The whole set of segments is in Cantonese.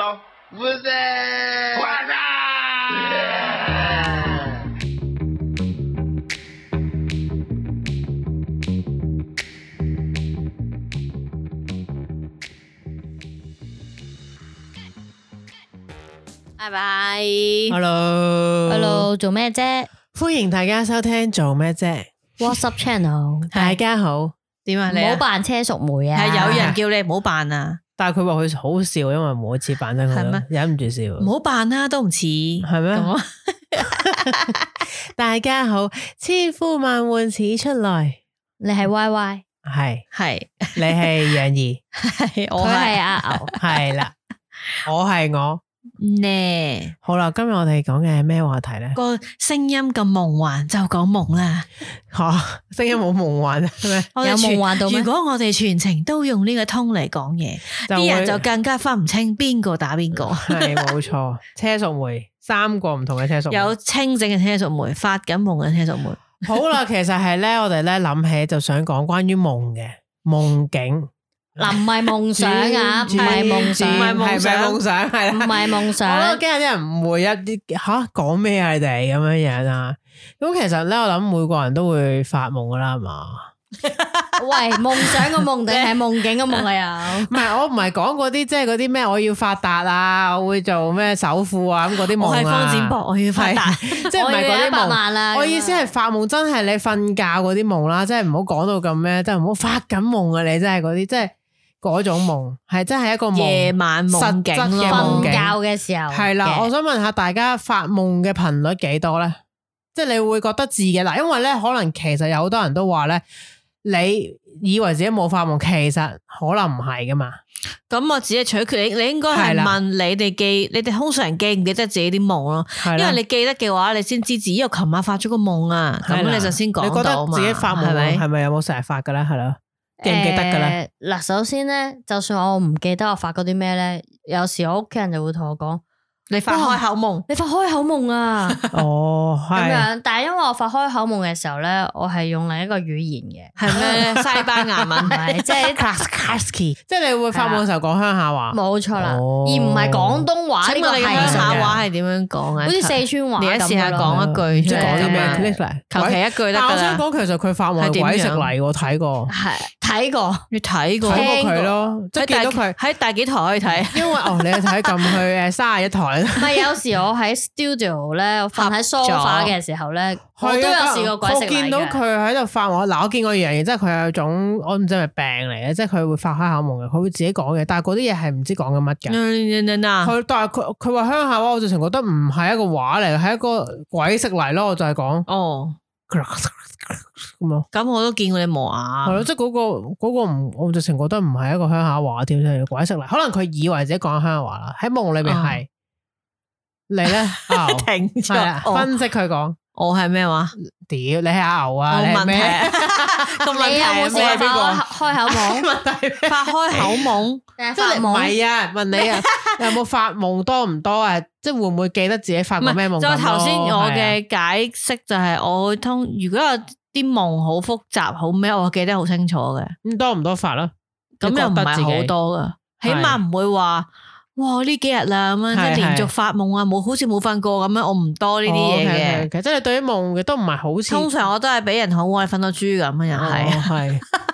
唔該，拜拜。Hello，Hello，做咩啫？歡迎大家收聽做咩啫？WhatsApp Channel，大家好，點啊？你唔好扮車淑梅啊！有人叫你唔好扮啊！但係佢話佢好笑，因為每次扮真，忍唔住笑。唔好扮啦，都唔似。係咩？大家好，千呼萬喚始出來。你係 Y Y，係係，你係楊怡，佢係阿牛，係啦，我係我。咧好啦，今日我哋講嘅係咩話題咧？個聲音咁夢幻就講夢啦，吓聲音冇夢幻係咪？有夢幻到咩？如果我哋全程都用呢個通嚟講嘢，啲人就更加分唔清邊個打邊個。係冇錯，車淑梅三個唔同嘅車淑梅，有清醒嘅車淑梅，發緊夢嘅車淑梅。好啦，其實係咧，我哋咧諗起就想講關於夢嘅夢境。嗱，唔係夢想啊，唔係夢想，唔係夢想，係啦，唔係夢想。我都驚有啲人誤會一啲吓講咩你哋咁樣樣啊。咁其實咧，我諗每個人都會發夢噶啦，係嘛？喂，夢想個夢定係夢境個夢啊？有唔係我唔係講嗰啲即係嗰啲咩？我要發達啊！我會做咩首富啊？咁嗰啲夢，方展博我要發達，即係唔係嗰啲夢啦。我意思係發夢真係你瞓覺嗰啲夢啦，即係唔好講到咁咩，即係唔好發緊夢啊！你真係嗰啲，即係。嗰種夢係真係一個夢，夜晚夢，瞓覺嘅時候係啦。的 Okay. 我想問下大家發夢嘅頻率幾多咧？即係你會覺得自己喇，因為咧可能其實有好多人都話咧，你以為自己冇發夢，其實可能唔係噶嘛。咁我自己取決你，你應該係問你哋記，的你哋通常記唔記得自己啲夢咯？的因為你記得嘅話，你先知自己又琴晚發咗個夢啊。咁的你就先講，的你覺得自己發夢係咪有冇成日發噶咧？係啦。記唔記得噶啦？嗱，首先咧，就算我唔記得我發過啲咩咧，有時我屋企人就會同我講：你發開口夢，你發開口夢啊！哦，係。咁樣。但係因為我發開口夢嘅時候咧，我係用另一個語言嘅，係咩？西班牙文係，即係即係你會發夢嘅時候講鄉下話，冇錯啦，而唔係廣東話。請我哋鄉下話係點樣講嘅？好似四川話。你一試下講一句，即係講啲咩？嚟，求其一句得啦。但係我想講，其實佢發夢係鬼食泥，我睇過。係。睇過，你睇過佢咯，即係見到佢喺第幾台可以睇？因為哦，你係睇撳去誒三十一台咯。唔係，有時我喺 studio 咧，瞓喺梳化嘅時候咧，我都有試過鬼食嚟嘅。我見到佢喺度發夢嗱，我見過樣嘢，即係佢係一種我唔知係病嚟嘅，即係佢會發開口夢嘅，佢會自己講嘅，但係嗰啲嘢係唔知講緊乜嘅。佢但係佢佢話鄉下話，我直情覺得唔係一個話嚟，係一個鬼食嚟咯，我就係講。咁咯， 這樣我都見過你磨牙、啊，即嗰、那個那個我直情覺得唔係一個鄉下話添，係鬼式嚟，可能佢以為自己講鄉下話啦，喺夢裏面係，啊、你咧、oh. 停住我分析佢講。 我係咩話？屌，你係牛啊？冇問題！咁你有冇試過開口夢啊？開口夢，發開口夢，即係唔係啊？問你啊，有冇發夢多唔多啊？即係會唔會記得自己發過咩夢？再頭先我嘅解釋就係，我通如果有啲夢好複雜好咩，我記得好清楚嘅。咁多唔多發囉？咁又唔係好多噶，起碼唔會話。哇！呢幾日啦，咁樣即係連續發夢啊，冇是是 好似冇瞓過咁樣，我唔多呢啲嘢嘅。哦、okay, okay, 即係對於夢嘅都唔係好。通常我都係俾人好愛，瞓到豬咁樣係。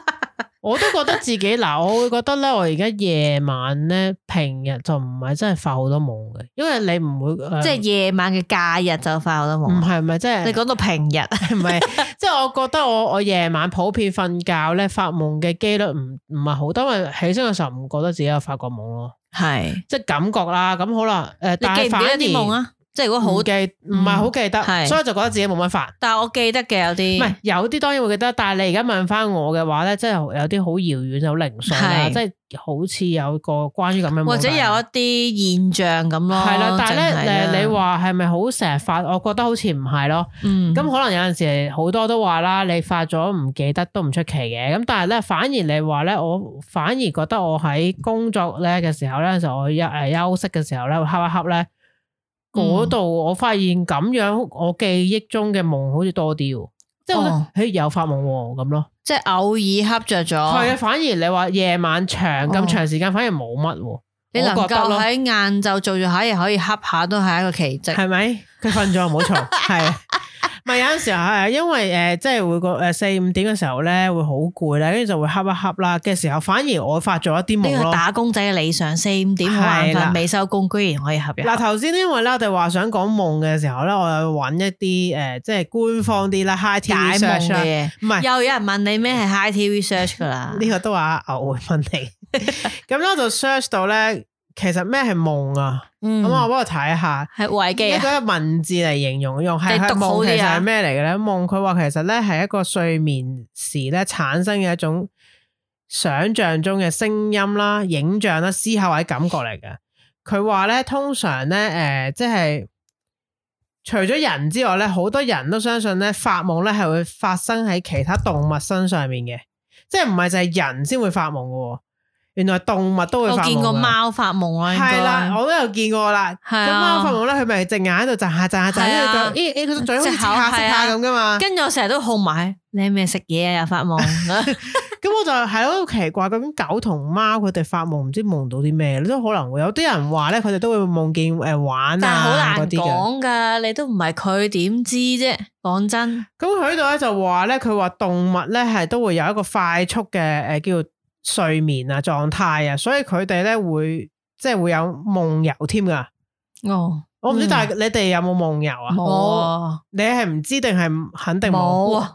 我都覺得自己嗱，我會覺得咧，我而家夜晚咧，平日就唔係真係發好多夢嘅，因為你唔會、呃、即係夜晚嘅假日就發好多夢。唔係唔係，即、就、係、係、你講到平日，唔 係即係我覺得我我夜晚普遍瞓覺咧發夢嘅機率唔唔係好多，因為起身嘅時候唔覺得自己有發過夢咯。係是，即係感覺啦。咁好啦，誒、呃，記記但係發一啲夢啊。即係如果好記，唔係好記得，記得嗯、所以就覺得自己冇乜發。但係我記得嘅有啲，唔係有啲當然會記得，但係你而家問翻我嘅話咧，即係有啲是好遙遠好零碎啦，即係好似有個關於咁樣或者有一啲現象咁咯。係啦，但係咧誒，你話係咪好成日發？我覺得好似唔係咯。嗯，咁可能有陣時好多都話啦，你發咗唔記得都唔出奇嘅。咁但係咧，反而你話咧，我反而覺得我喺工作咧嘅時候咧，就我休誒休息嘅時候咧，會恰一恰咧。嗰度、嗯、我發現咁樣，我記憶中嘅夢好似多啲，即係覺得嘿有發夢咁、啊、咯，即係偶爾恰着咗。係啊，反而你話夜晚長咁、哦、長時間，反而冇乜。你能夠喺晏晝做住下嘢，可以恰下都係一個奇蹟，係咪、嗯？佢瞓咗，冇錯，係。 唔係有陣時候係，因為誒、呃，即係會個誒四五點嘅時候咧，會好攰咧，跟住就會恰一恰啦。嘅時候反而我發咗一啲夢。打工仔嘅理想，四五點晚飯未收工，居然可以合瞌。嗱，頭先因為咧我哋話想講夢嘅時候咧，我又搵一啲誒、呃，即係官方啲啦，high tea 嘅嘢。唔係，啊、又有人問你咩係 high TV search 噶啦？呢 個都話我會問你。咁 咧就 search 到咧。其實咩係夢啊？咁、嗯、我幫我睇下，係維基啊，用文字嚟形容用，係夢其實係咩嚟嘅咧？夢佢話其實咧係一個睡眠時咧產生嘅一種想象中嘅聲音啦、影像啦、思考或者感覺嚟嘅。佢話咧通常咧誒、呃，即係除咗人之外咧，好多人都相信咧發夢咧係會發生喺其他動物身上面嘅，即係唔係就係人先會發夢嘅。原來動物都會發夢啊！我見過貓發夢啦，係啦，我都有見過啦。咁貓發夢咧，佢咪隻眼喺度眨下眨下眨，咦咦，佢隻嘴好似吓吓咁噶嘛。跟住我成日都控埋，你係咪食嘢啊又發夢？咁我就係咯，好奇怪。究竟狗同貓佢哋發夢，唔知夢到啲咩？都可能會有啲人話咧，佢哋都會夢見誒玩啊嗰啲嘅。但係好難講噶，你都唔係佢點知啫？講真，咁佢喺度咧就話咧，佢話動物咧係都會有一個快速嘅誒叫做。睡眠啊，狀態啊，所以佢哋咧會即係會有夢遊添㗎。哦，嗯、我唔知，但係你哋有冇夢遊啊？冇、嗯，你係唔知定係肯定冇？嗯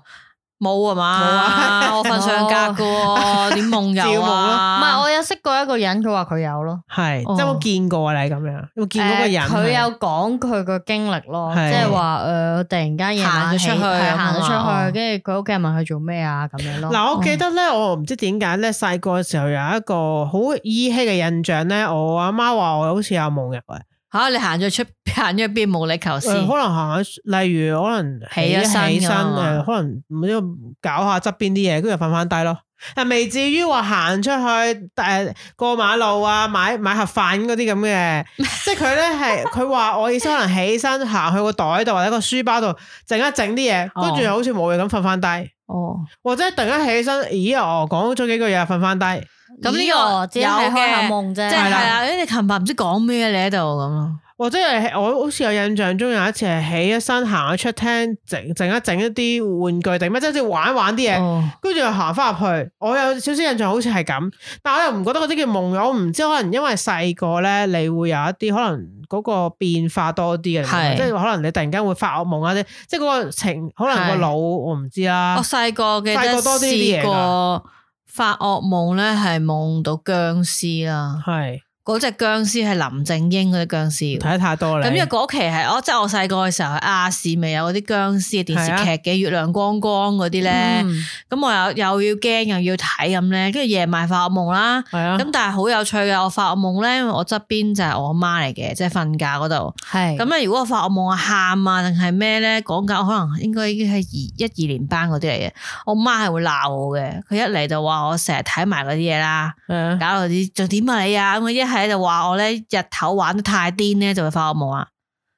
冇啊嘛，我瞓上覺個，點夢遊啊？唔係，我有識過一個人，佢話佢有咯。係，即係我見過你咁樣，我見到個人。佢有講佢個經歷咯，即係話誒，突然間夜晚出去，行咗出去，跟住佢屋企人問佢做咩啊咁樣咯。嗱，我記得咧，我唔知點解咧，細個嘅時候有一個好依稀嘅印象咧，我阿媽話我好似有夢遊嘅。吓、啊、你行咗出行咗邊？無厘求事，呃，可能行下，例如可能起一起，起身，誒、嗯，可能唔知搞下側邊啲嘢，跟住瞓翻低咯。但未至於話行出去，誒、呃，過馬路啊，買買盒飯嗰啲咁嘅， 即係佢咧係佢話我意思可能起身行去個袋度或者個書包度整一整啲嘢，跟住又好似冇嘢咁瞓翻低。哦，或者突然間起身，咦？我講咗幾句嘢，瞓翻低。咁呢個只係開下夢啫。係啦，你琴日唔知講咩？你喺度咁咯，或者係我好似有印象中有一次係起一身行咗出廳，整整一整一啲玩具定咩，即係玩玩啲嘢，跟住、哦、又行翻入去。我有少少印象，好似係咁，但係我又唔覺得嗰啲叫夢。我唔知可能因為細個咧，你會有一啲可能嗰個變化多啲嘅，即係是可能你突然間會發噩夢啊，啲是，即係嗰個情，可能個腦是我唔知啦。我細個嘅細個多啲啲嘢。發噩夢咧，係夢到僵屍啦。係。嗰隻僵屍係林正英嗰隻僵屍，睇得太多啦。咁因為嗰期係我即係我細個嘅時候，亞視咪有嗰啲僵屍嘅電視劇嘅，是啊、月亮光光嗰啲咧。咁、嗯、我又要又要驚又要睇咁咧，跟住夜晚發惡夢啦。咁是、啊、但係好有趣嘅，我發惡夢咧，我側邊就係我媽嚟嘅，即係瞓覺嗰度。咁是啊，如果我發惡夢我喊啊定係咩咧？講緊可能應該已經係二一,一二年班嗰啲嚟嘅，我媽係會鬧我嘅。佢一嚟就話我成日睇埋嗰啲嘢啦，是啊、搞到啲仲點啊你啊咁一係。就話我咧日頭玩得太癲咧，就會發噩夢啊！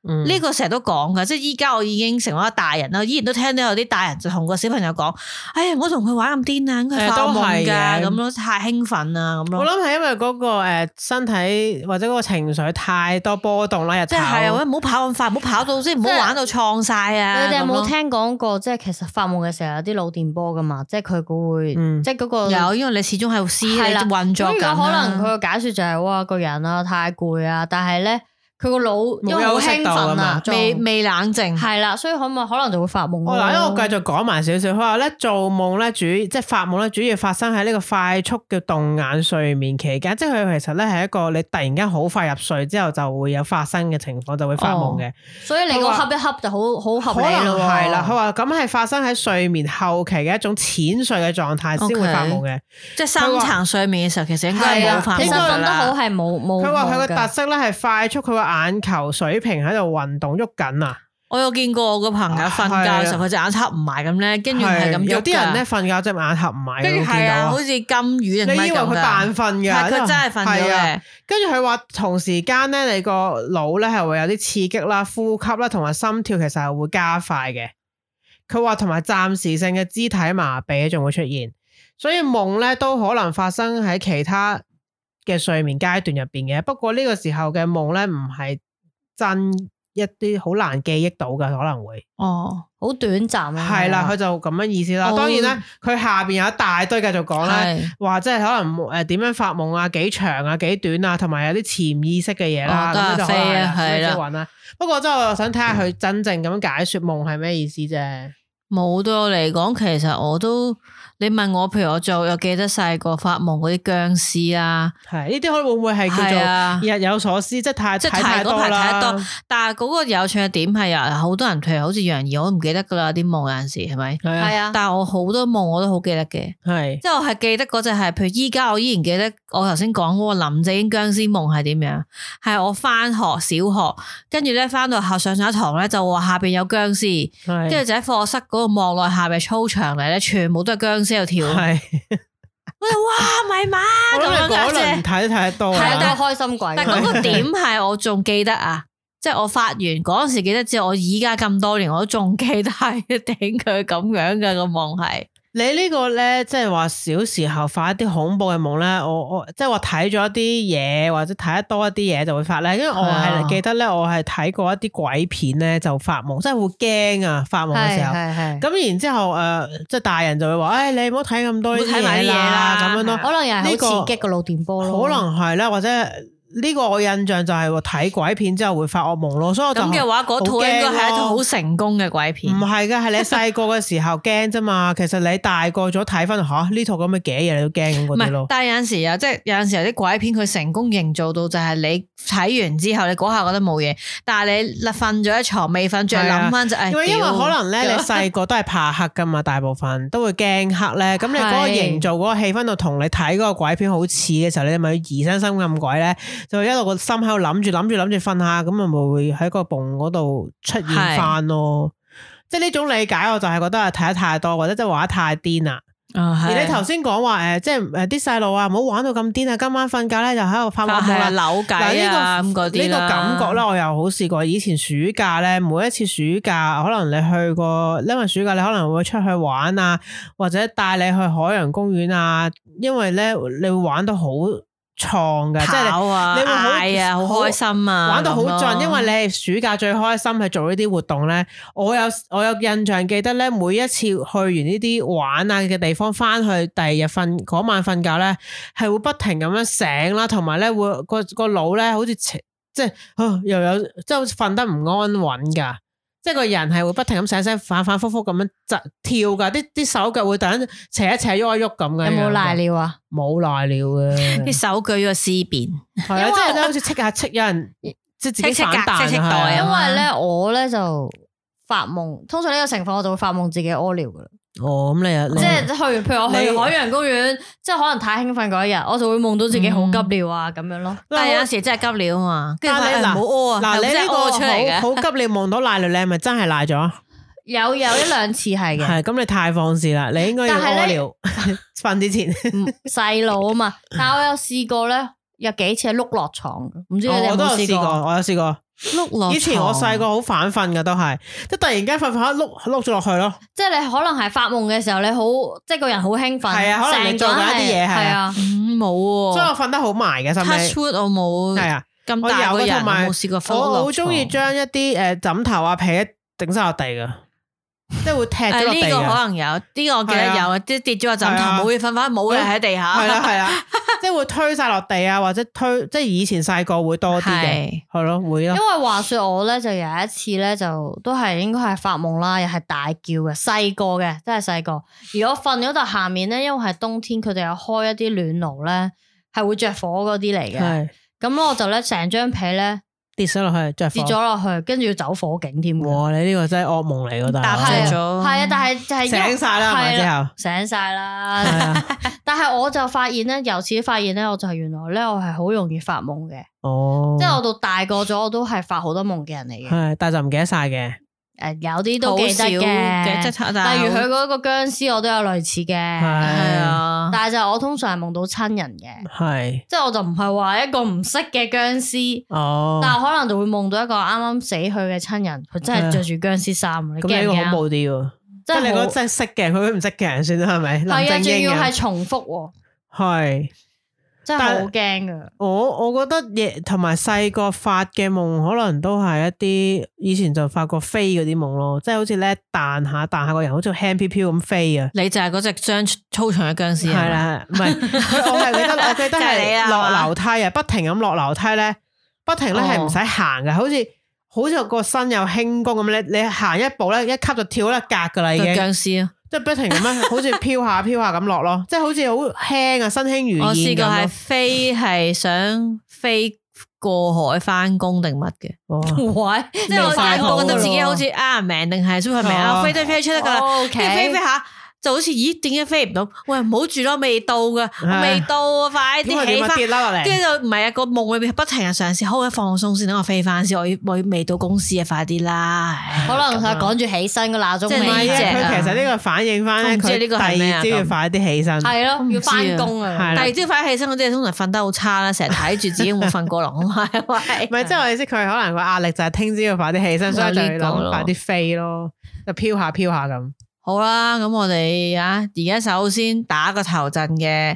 呢、嗯、個成日都講噶，即係依家我已經成為一大人啦，依然都聽到有啲大人就同個小朋友講：哎呀，我同佢玩咁癲啊，佢發夢噶，咁咯，太興奮啦，咁樣。我諗係因為嗰、那個誒、呃、身體或者嗰個情緒太多波動啦，日頭。即係、就是、啊，唔好跑咁快，唔好跑到即係唔好玩到創晒啊！你哋有冇聽講過，即係、嗯、其實發夢嘅時候有啲腦電波噶嘛？即係佢會，嗯、即係、那、嗰個有，因為你始終喺度思喺度運作緊啦，可能佢個解說就係、是、哇，個人啊太攰啊，但係咧。佢個腦因為好興奮啊，未未沒冷靜，係啦，所以可可能就會發夢？係、哦、因我繼續講埋少少，佢話咧做夢咧主即係發夢咧主要發生喺呢個快速嘅動眼睡眠期間，即係佢其實咧係一個你突然間好快入睡之後就會有發生嘅情況就會發夢嘅、哦。所以你個瞌一瞌說就好好合理、哦、可能啦。佢話咁係發生喺睡眠後期嘅一種淺睡嘅狀態先會發夢嘅，即係深層睡眠嘅時候其實應該冇得說好，係冇，佢話佢個特色咧係快速，佢話。眼球水平喺度運動喐緊啊！我有見過我個朋友瞓覺嘅時候，佢隻、啊、眼合唔埋咁咧，跟住係咁。有啲人咧瞓覺隻眼合唔埋，跟住係啊，好似金魚咁樣。你以為佢扮瞓嘅？係佢真係瞓咗。跟住佢話同時間咧，你個腦咧係會有啲刺激啦、呼吸啦，同埋心跳其實係會加快嘅。佢話同埋暫時性嘅肢體麻痹仲會出現，所以夢咧都可能發生喺其他，嘅睡眠階段入邊嘅，不過呢個時候嘅夢咧唔係真一啲好難記憶到嘅，可能會哦，好短暫啊，係啦，佢就咁樣意思啦。哦、當然啦，佢下邊有一大堆繼續講咧，話是即係可能誒點樣發夢、哦、啊，幾長啊，幾短啊，同埋有啲潛意識嘅嘢啦，呢啲都可以去揾啦。不過即係我想睇下佢真正咁解說夢係咩意思啫。冇、嗯、到嚟講，其實我都。你問我，譬如我做又記得細個發夢嗰啲僵屍啊，係呢啲可能會唔會係叫做日有所思？啊、即係太即係排睇得多、多，但係嗰個有趣嘅點係啊，好多人譬如好似楊怡，我都唔記得噶啦啲夢有陣時係咪？係啊，嗯、但係我好多夢我都好記得嘅，係、啊、即係我係記得嗰隻係譬如依家我依然記得我頭先講嗰個林正英僵屍夢係點樣？係我翻學小學，跟住咧翻到校上上一堂咧就話下邊有僵屍啊，跟住、啊啊、就喺課室嗰個望落下邊操場嚟咧，全部都係僵屍。喺度跳， 我哋哇咪馬咁樣架唔睇睇得多，係都開心鬼。 但係嗰個點係我仲記得啊，即係 我發完嗰陣 時記得之後，我依家咁多年我都仲記得係頂佢咁樣嘅、嗰個夢係。你呢個咧，即係話小時候發一啲恐怖嘅夢咧，我我即係話睇咗一啲嘢，或者睇得多一啲嘢就會發咧。因為我係記得咧，我係睇過一啲鬼片咧就發夢，的即係會驚啊發夢嘅時候。咁的然之後誒，即、呃、係、就是、大人就會話，誒、哎、你唔好睇咁多睇啲嘢啦，咁樣的、這個、咯、這個。可能又係好刺激個腦電波。可能係啦，或者。呢個我印象就係睇鬼片之後會發惡夢咯，所以咁嘅話，嗰、那、套、個、應該係一套好成功嘅鬼片。唔係㗎，係你細個嘅時候驚啫嘛。 其實你大個咗睇翻嚇呢套咁嘅嘅嘢，啊、這這幾你都驚咁，但係有陣時啊，即係有陣時啲鬼片佢成功營造到就係你睇完之後，你嗰下覺得冇嘢，但係你瞓咗一床未瞓，的再諗翻就誒。因為可能咧， 你細個都係怕黑㗎嘛，大部分都會驚黑咧。咁你嗰個營造嗰個氣氛度同你睇嗰個鬼片好似嘅時候，你咪疑心生暗鬼咧？就一路個心喺度諗住諗住諗住瞓下，咁咪會喺個埲嗰度出現翻咯。是即係呢種理解，我就係覺得係睇得太多，或者真玩得太癲啦。哦、而你頭先講話誒，即係誒啲細路啊，唔好玩到咁癲啊！今晚瞓覺咧就喺度發噩夢啦，扭計啦。呢個呢個感覺咧，我又好試過。以前暑假咧，每一次暑假，可能你去過，因為暑假你可能會出去玩啊，或者帶你去海洋公園啊。因為咧，你會玩得好創嘅，即係你跑啊，嗌啊，好開心啊，好玩到好盡。啊、因為你係暑假最開心去做呢啲活動咧，我有我有印象記得咧，每一次去完呢啲玩啊嘅地方，翻去第二日瞓嗰晚瞓覺咧，係會不停咁樣醒啦，同埋咧會、個、個腦咧好似即係啊又有即係好似瞓得唔安穩噶。即係個人係會不停咁醒醒，反反复复咁樣就跳噶，啲啲手腳會突然扯一扯，喐一喐咁嘅。有冇瀨尿啊？冇瀨尿啊。啲手腳要屍變。係啊對，因為即係咧好似戚下戚，有人即係自己反彈係。因為咧，對為我咧就發夢，通常呢個情況我就會發夢自己屙尿噶啦。哦，咁你即係去，譬如我去海洋公園，即係可能太興奮嗰一日，我就會夢到自己好急尿啊咁樣咯。但係有陣時真係急尿啊嘛，但你唔好屙啊。嗱，你呢個嘅？好急尿，夢到賴尿你係咪真係賴咗？有有一兩次係嘅。係，咁你太放肆啦，你應該要屙尿瞓之前。細路啊嘛，但我有試過咧，有幾次係碌落床，唔知你有冇試過？我有試過。落以前我細個好反瞓噶，都係即係突然間瞓瞓碌碌咗落去咯。 即係你可能係發夢嘅時候，你好即係個人好興奮。係啊，可能你做咗一啲嘢，係啊，冇。所以我瞓得好埋嘅，甚至 Touch Wood 我冇。係啊的，咁大嘅人我冇試過。我好中意將一啲誒枕頭啊被整晒落地噶。即係會踢咗呢、啊呢個可能有，呢、呢個我記得有，即係是、啊、跌咗個枕頭冇嘢，瞓翻，冇嘢喺地下、嗯。係啦係啦，啊、 即係會推晒落地啊，或者推即係以前細個會多啲嘅，係咯是會咯。因為話說我咧就有一次咧就都係應該係發夢啦，又係大叫嘅，細個嘅，真係細個。如果瞓咗，度下面咧，因為係冬天，佢哋有開一啲暖爐咧，係會着火嗰啲嚟嘅。咁的的我就咧成張被咧。跌咗落去，即係跌咗落去，跟住要走火警添。哇！你呢個真係噩夢嚟噶，但係係啊，但係就係醒晒啦，之後醒晒啦。但係我就發現咧，由此發現咧，我就係原來咧，我係好容易發夢嘅。哦，即係我到大個咗，我都係發好多夢嘅人嚟嘅。係，但係就唔記得晒嘅。誒，有啲都記得嘅，例如佢嗰個僵屍，我都有類似嘅。係啊。但係就係我通常係夢到親人嘅，的即係我就唔係話一個唔識嘅僵屍，哦、但係可能就會夢到一個啱啱死去嘅親人，佢真係着住僵屍衫，哎、呀你驚唔驚啊？咁樣恐怖啲，即係你講真係識嘅，佢唔識嘅人算啦，係咪？係啊的，仲要係重複、哦，係。真係好驚噶！我我覺得嘢同埋細個發嘅夢，可能都係一啲以前就發過飛嗰啲夢咯，即係好似咧彈下彈下個人，好似輕飄飄咁飛啊！你就係嗰隻張粗長嘅僵屍啊！係啦係，唔係 我係記得，我記得係落樓梯啊，不停咁落樓梯咧，不停咧係唔使行嘅，哦、好似好似個身有輕功咁咧，你行一步咧，一級就跳一格噶啦已經。僵 即係不停咁樣， 好似飄下飄下咁落咯，即係好似好輕啊，身輕如燕，我試過係飛，係想飛過海翻工定乜嘅？哇、哦！ 即係我第一部覺得自己好似啱名定係蘇慧明啊，飛都飛得出噶，你、哦 okay、飛飛下。就好似咦？點解飛唔到？喂，唔好住咯，未到噶，未到，快啲起翻。跟住就唔係啊！個夢裏面不停嘅嘗試，好，放鬆先，等我飛翻先。我我未到公司啊！快啲啦，可能佢趕住起身個鬧鐘未。佢其實呢個反映翻咧，佢第二朝要快啲起身。係咯，要翻工啊！第二朝快啲起身，我知通常瞓得好差啦，成日睇住自己冇瞓過龍，係咪？唔係，即係我意思，佢可能個壓力就係聽朝要快啲起身，所以就諗快啲飛咯，就飄下飄下咁。好啦，咁我哋啊，而家首先打個頭陣嘅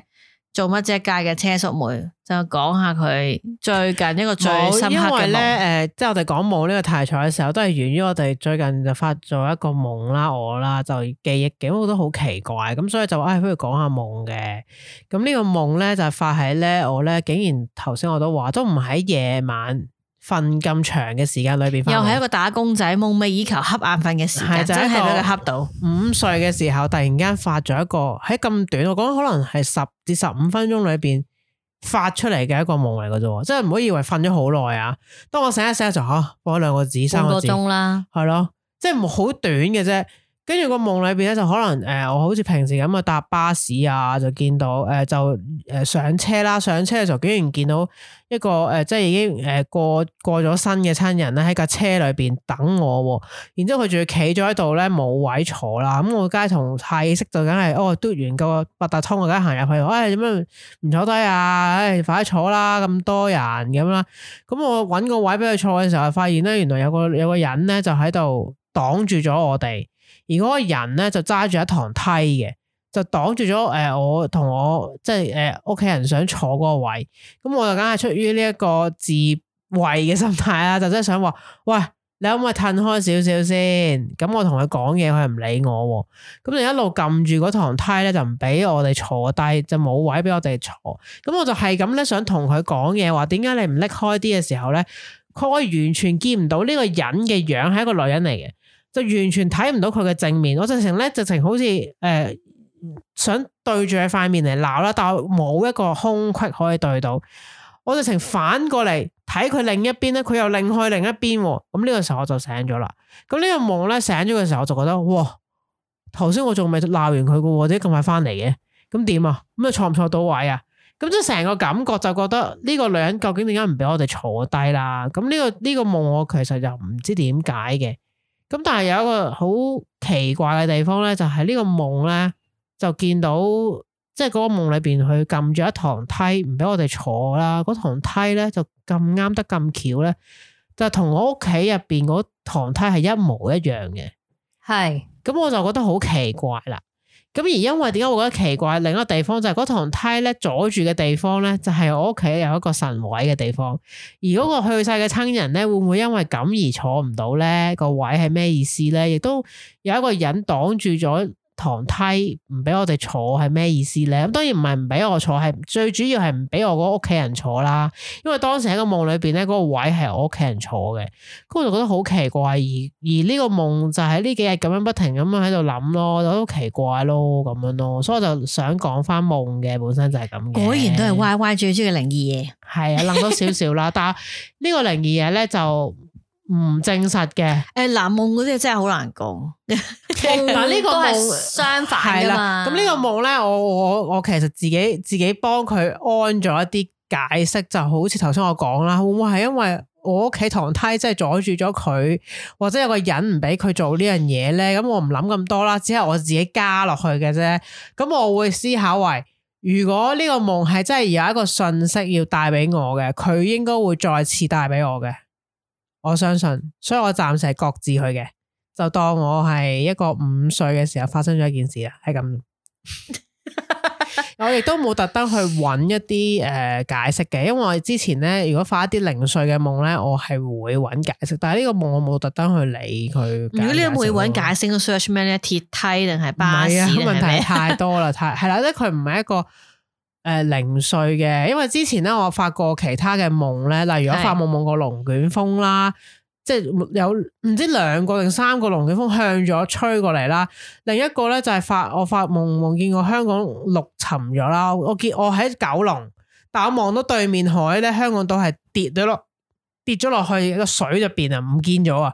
做乜啫界嘅車淑梅，就講下佢最近一個最深刻嘅夢。因為咧，誒、呃，即係我哋講夢呢個題材嘅時候，都係源於我哋最近就發咗一個夢啦，我啦就記憶嘅，我覺得好奇怪，咁所以就唉、哎，不如講下夢嘅。咁呢個夢咧就係發喺咧，我咧竟然頭先我都話都唔喺夜晚。瞓咁長嘅時間裏邊，又係一個打工仔夢寐以求瞌眼瞓嘅時間，是就是真係俾佢瞌到。五歲嘅時候突然間發咗一個喺咁短，我講可能係十至十五分鐘裏邊發出嚟嘅一個夢嚟㗎啫，即係唔好以為瞓咗好耐啊！當我醒一醒就吓，放、啊、兩個字三個字鐘啦，係咯了，即係好短嘅啫。跟住個夢裏邊咧，就可能誒、呃，我好似平時咁啊，搭巴士啊，就見到誒、呃，就誒上車啦。上車嘅時候，竟然見到一個誒、呃，即係已經誒過過咗身嘅親人咧，喺架車裏邊等我喎。然之後佢仲要企咗喺度咧，冇位坐啦。咁、嗯、我家同太識就梗係哦，嘟完個八達通，我梗係行入去。哎，點樣唔坐低啊？哎，快啲坐啦，咁多人咁啦。咁、嗯、我揾個位俾佢坐嘅時候，發現咧，原來有個有個人咧就喺度擋住咗我哋。而嗰個人咧就揸住一堂梯嘅，就擋住咗誒、呃、我同我即係誒屋企人想坐嗰個位，咁我就梗係出於呢一個自衛嘅心態啦，就真係想話：喂，你可唔可以褪開少少先？咁我同佢講嘢，佢係唔理我喎。咁你一路撳住嗰堂梯咧，就唔俾我哋坐低，就冇位俾我哋坐。咁我，我就係咁咧，想同佢講嘢，話點解你唔拎開啲嘅時候咧，佢可以完全見唔到呢個人嘅樣，係一個女人嚟嘅。就完全睇唔到佢嘅正面，我直情咧，直情好似誒、呃、想對住佢塊面嚟鬧啦，但係冇一個空隙可以對到，我直情反過嚟睇佢另一邊咧，佢又另去另一邊，咁呢個時候我就醒咗啦。咁呢個夢咧，醒咗嘅時候，我就覺得哇，頭先我仲未鬧完佢嘅，點解咁快翻嚟嘅？咁點啊？咁啊坐唔坐到位啊？咁即成個感覺就覺得呢、這個女人究竟點解唔俾我哋坐低啦？咁呢、這個呢、這個夢我其實就唔知點解嘅。咁但係有一個好奇怪嘅地方呢，就係、是、呢個夢呢，就見到即係嗰個夢裏面，佢撳住一堂梯唔俾我哋坐啦，嗰堂梯呢就咁啱得咁巧呢，就同我屋企入面嗰堂梯係一模一樣嘅，係是，咁我就覺得好奇怪啦。咁而因為點解我覺得奇怪？另一個地方就係嗰堂梯咧，阻住嘅地方咧，就係我屋企有一個神位嘅地方。而嗰個去世嘅親人咧，會唔會因為咁而坐唔到咧？個位係咩意思咧？亦都有一個人擋住咗。堂梯唔俾我哋坐係咩意思咧？咁當然唔係唔俾我坐，係最主要係唔俾我個屋企人坐啦。因為當時喺個夢裏邊咧，嗰個位係我屋企人坐嘅，咁我就覺得好奇怪。而而呢個夢就喺呢幾日咁樣不停咁樣喺度諗咯，就好奇怪咯，咁樣咯，所以我就想講翻夢嘅本身就係咁。果然都係歪歪最中意靈異嘢。係啊，諗多少少啦。 但係呢個靈異嘢咧就。唔、嗯、證實嘅，誒、欸，嗱，夢嗰啲真係好難講。嗱呢 個夢相反噶嘛，咁呢個夢咧，我我我其實自己自己幫佢安咗一啲解釋，就好似頭先我講啦，會唔會係因為我屋企堂梯真係阻住咗佢，或者有個人唔俾佢做呢樣嘢咧？咁我唔諗咁多啦，只係我自己加落去嘅啫。咁我會思考為，如果呢個夢係真係有一個信息要帶俾我嘅，佢應該會再次帶俾我嘅。我相信，所以我暫時係擱置佢嘅，就當我係一個五歲嘅時候發生咗一件事啦，係咁。 我亦都冇特登去揾一啲誒、呃、解釋嘅，因為我之前咧，如果發一啲零碎嘅夢咧，我係會揾解釋，但係呢個夢我冇特登去理佢。如果你有冇去揾解釋嘅 search 咩咧？鐵梯定係巴士？唔係啊，問題太多啦， 太係啦，即佢唔係一個。誒、呃、零碎嘅，因為之前咧，我發過其他嘅夢咧，例如我發夢夢過龍捲風啦，是即係有唔知兩個定三個龍捲風向咗吹過嚟啦。另一個咧就係發我發夢夢見過香港陸沉咗啦，我見我喺九龍，但我望到對面海咧，香港都係香港島係跌咗落跌咗落去個水入邊啊，唔見咗啊。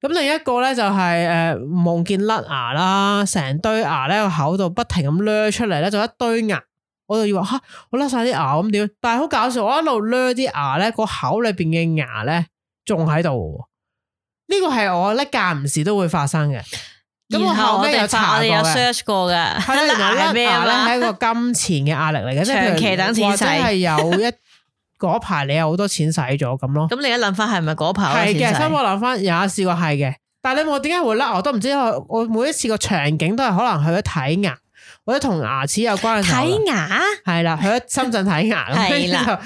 咁另一個咧就係、是、誒、呃、夢見甩牙啦，成堆牙咧，個口度不停咁掠出嚟咧，就一堆牙。我就要話吓，我甩晒啲牙咁點？但係好搞笑，我一路甩啲牙咧，個口裏邊嘅牙咧仲喺度。呢個係我咧間唔時都會發生嘅。咁我，我後尾有查有 search 過嘅，係啦，係咩咧？係麼一個金錢嘅壓力嚟嘅，即係 譬如或者係有一排你有好多錢使咗咁咯。咁 你而家一諗翻係咪嗰排？係嘅，所以我諗翻也試過係嘅。但係你問我點解會甩，我都唔知。我每一次個場景都係可能去咗睇牙。或者同牙齒有關嘅睇牙係啦，去咗深圳睇牙，跟住之後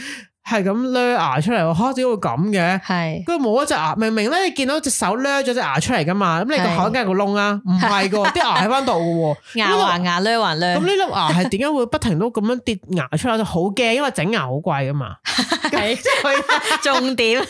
係咁掠牙出嚟，我點解會咁嘅？係，佢冇一隻牙，明明咧你見到隻手掠咗隻牙出嚟噶嘛？咁是的 你個口梗係個窿啊，唔係噶，啲 牙喺翻度噶， 牙還牙掠還掠。咁呢粒牙係點解會不停都咁樣跌牙出嚟？就好驚，因為整牙好貴噶嘛。 係，即係重點，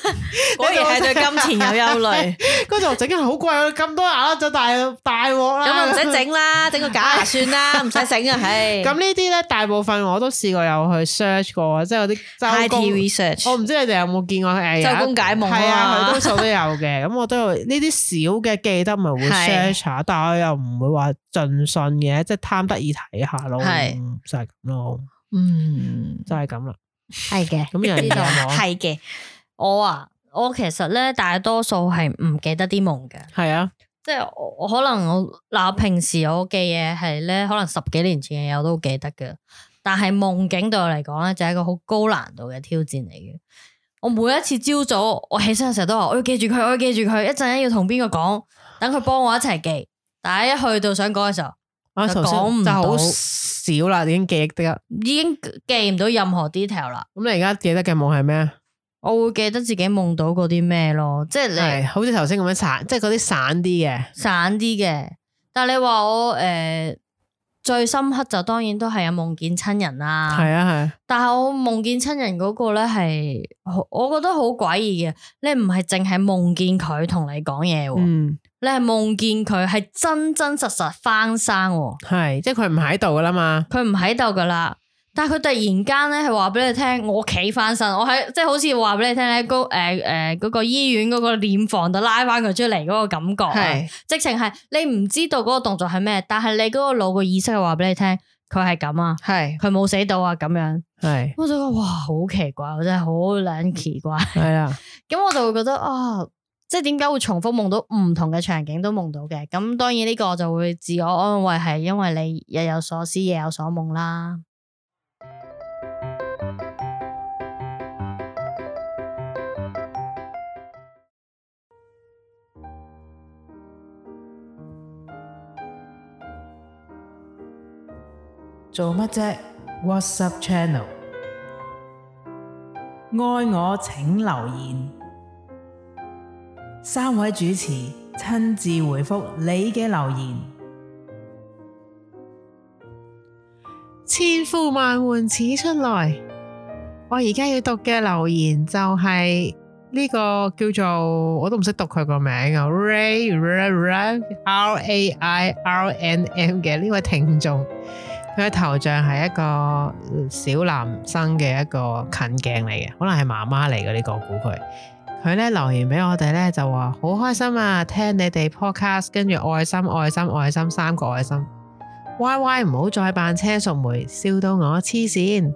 果然係對金錢有憂慮。嗰度整嘅好貴，咁多咬咗大大鑊啦，唔使整啦，整個假牙算啦，唔使整啊，係。咁呢啲咧，大部分我都試過有去 search 過，即係嗰啲周公 research。我唔知你哋有冇見過周公解夢？係啊，佢多數都有嘅。咁我都有呢啲小嘅記得，咪會 search 下，但係我又唔會話盡信嘅，即係貪得意睇下咯，係就係咁咯，嗯，就係咁啦。係嘅，係嘅。有有的我啊，我其實咧，大多數係唔記得啲夢嘅。係啊的，即係我，我可能我嗱，我平時我記嘢係咧，可能十幾年前嘅嘢我都記得嘅。但係夢境對我嚟講咧，就係、是、一個好高難度嘅挑戰嚟嘅。我每一次朝早我起身嘅時候，都話我要記住佢，我要記住佢，一陣間要同邊個講，等佢幫我一齊記。但係一去到想講嘅時候，唉我就講唔到。少啦，已經記憶得，已經記唔到任何 detail 啦。咁你而家記得嘅夢係咩？我會記得自己夢到嗰啲咩咯，即係你好似頭先咁樣散，即係嗰啲散啲嘅，散啲嘅。但係你話我誒最深刻就當然都係有夢見親人啦，係啊係啊。但係我夢見親人嗰個咧係，我覺得好詭異嘅。你唔係淨係夢見佢同你講嘢喎。嗯你係夢見佢係真真實實翻生，係即係佢唔喺度噶啦嘛，佢唔喺度噶啦，但係佢突然間咧係話俾你聽，我企翻身，我喺即係好似話俾你聽咧，嗰誒誒個醫院嗰個殮房度拉翻佢出嚟嗰個感覺，係是直情係你唔知道嗰個動作係咩，但係你嗰個腦個意識係話俾你聽，佢係咁啊，係佢冇死到啊咁樣，係是我就覺哇好奇怪，我真係好撚奇怪，係啊，咁我就會覺得啊。即係點解會重複夢到唔同嘅場景都夢到嘅？咁當然呢個就會自我安慰，係因為你日有所思，夜有所夢啦。做乜啫？Whatsapp Channel，愛我請留言。三位主持親自回覆你嘅留言，千呼萬喚始出來。我而家要讀嘅留言就係呢個叫做我都唔識讀佢個名啊，Ray Ray Ray R, R, R, R, R, R, R A I R N M 嘅呢位聽眾，佢嘅頭像係一個小男生嘅一個近鏡嚟嘅，可能係媽媽嚟嘅，呢個估佢。佢咧留言俾我哋咧就話好開心啊，聽你哋 podcast，跟住愛心愛心愛心三個愛心，Y Y 唔好再扮車淑梅，笑到我黐線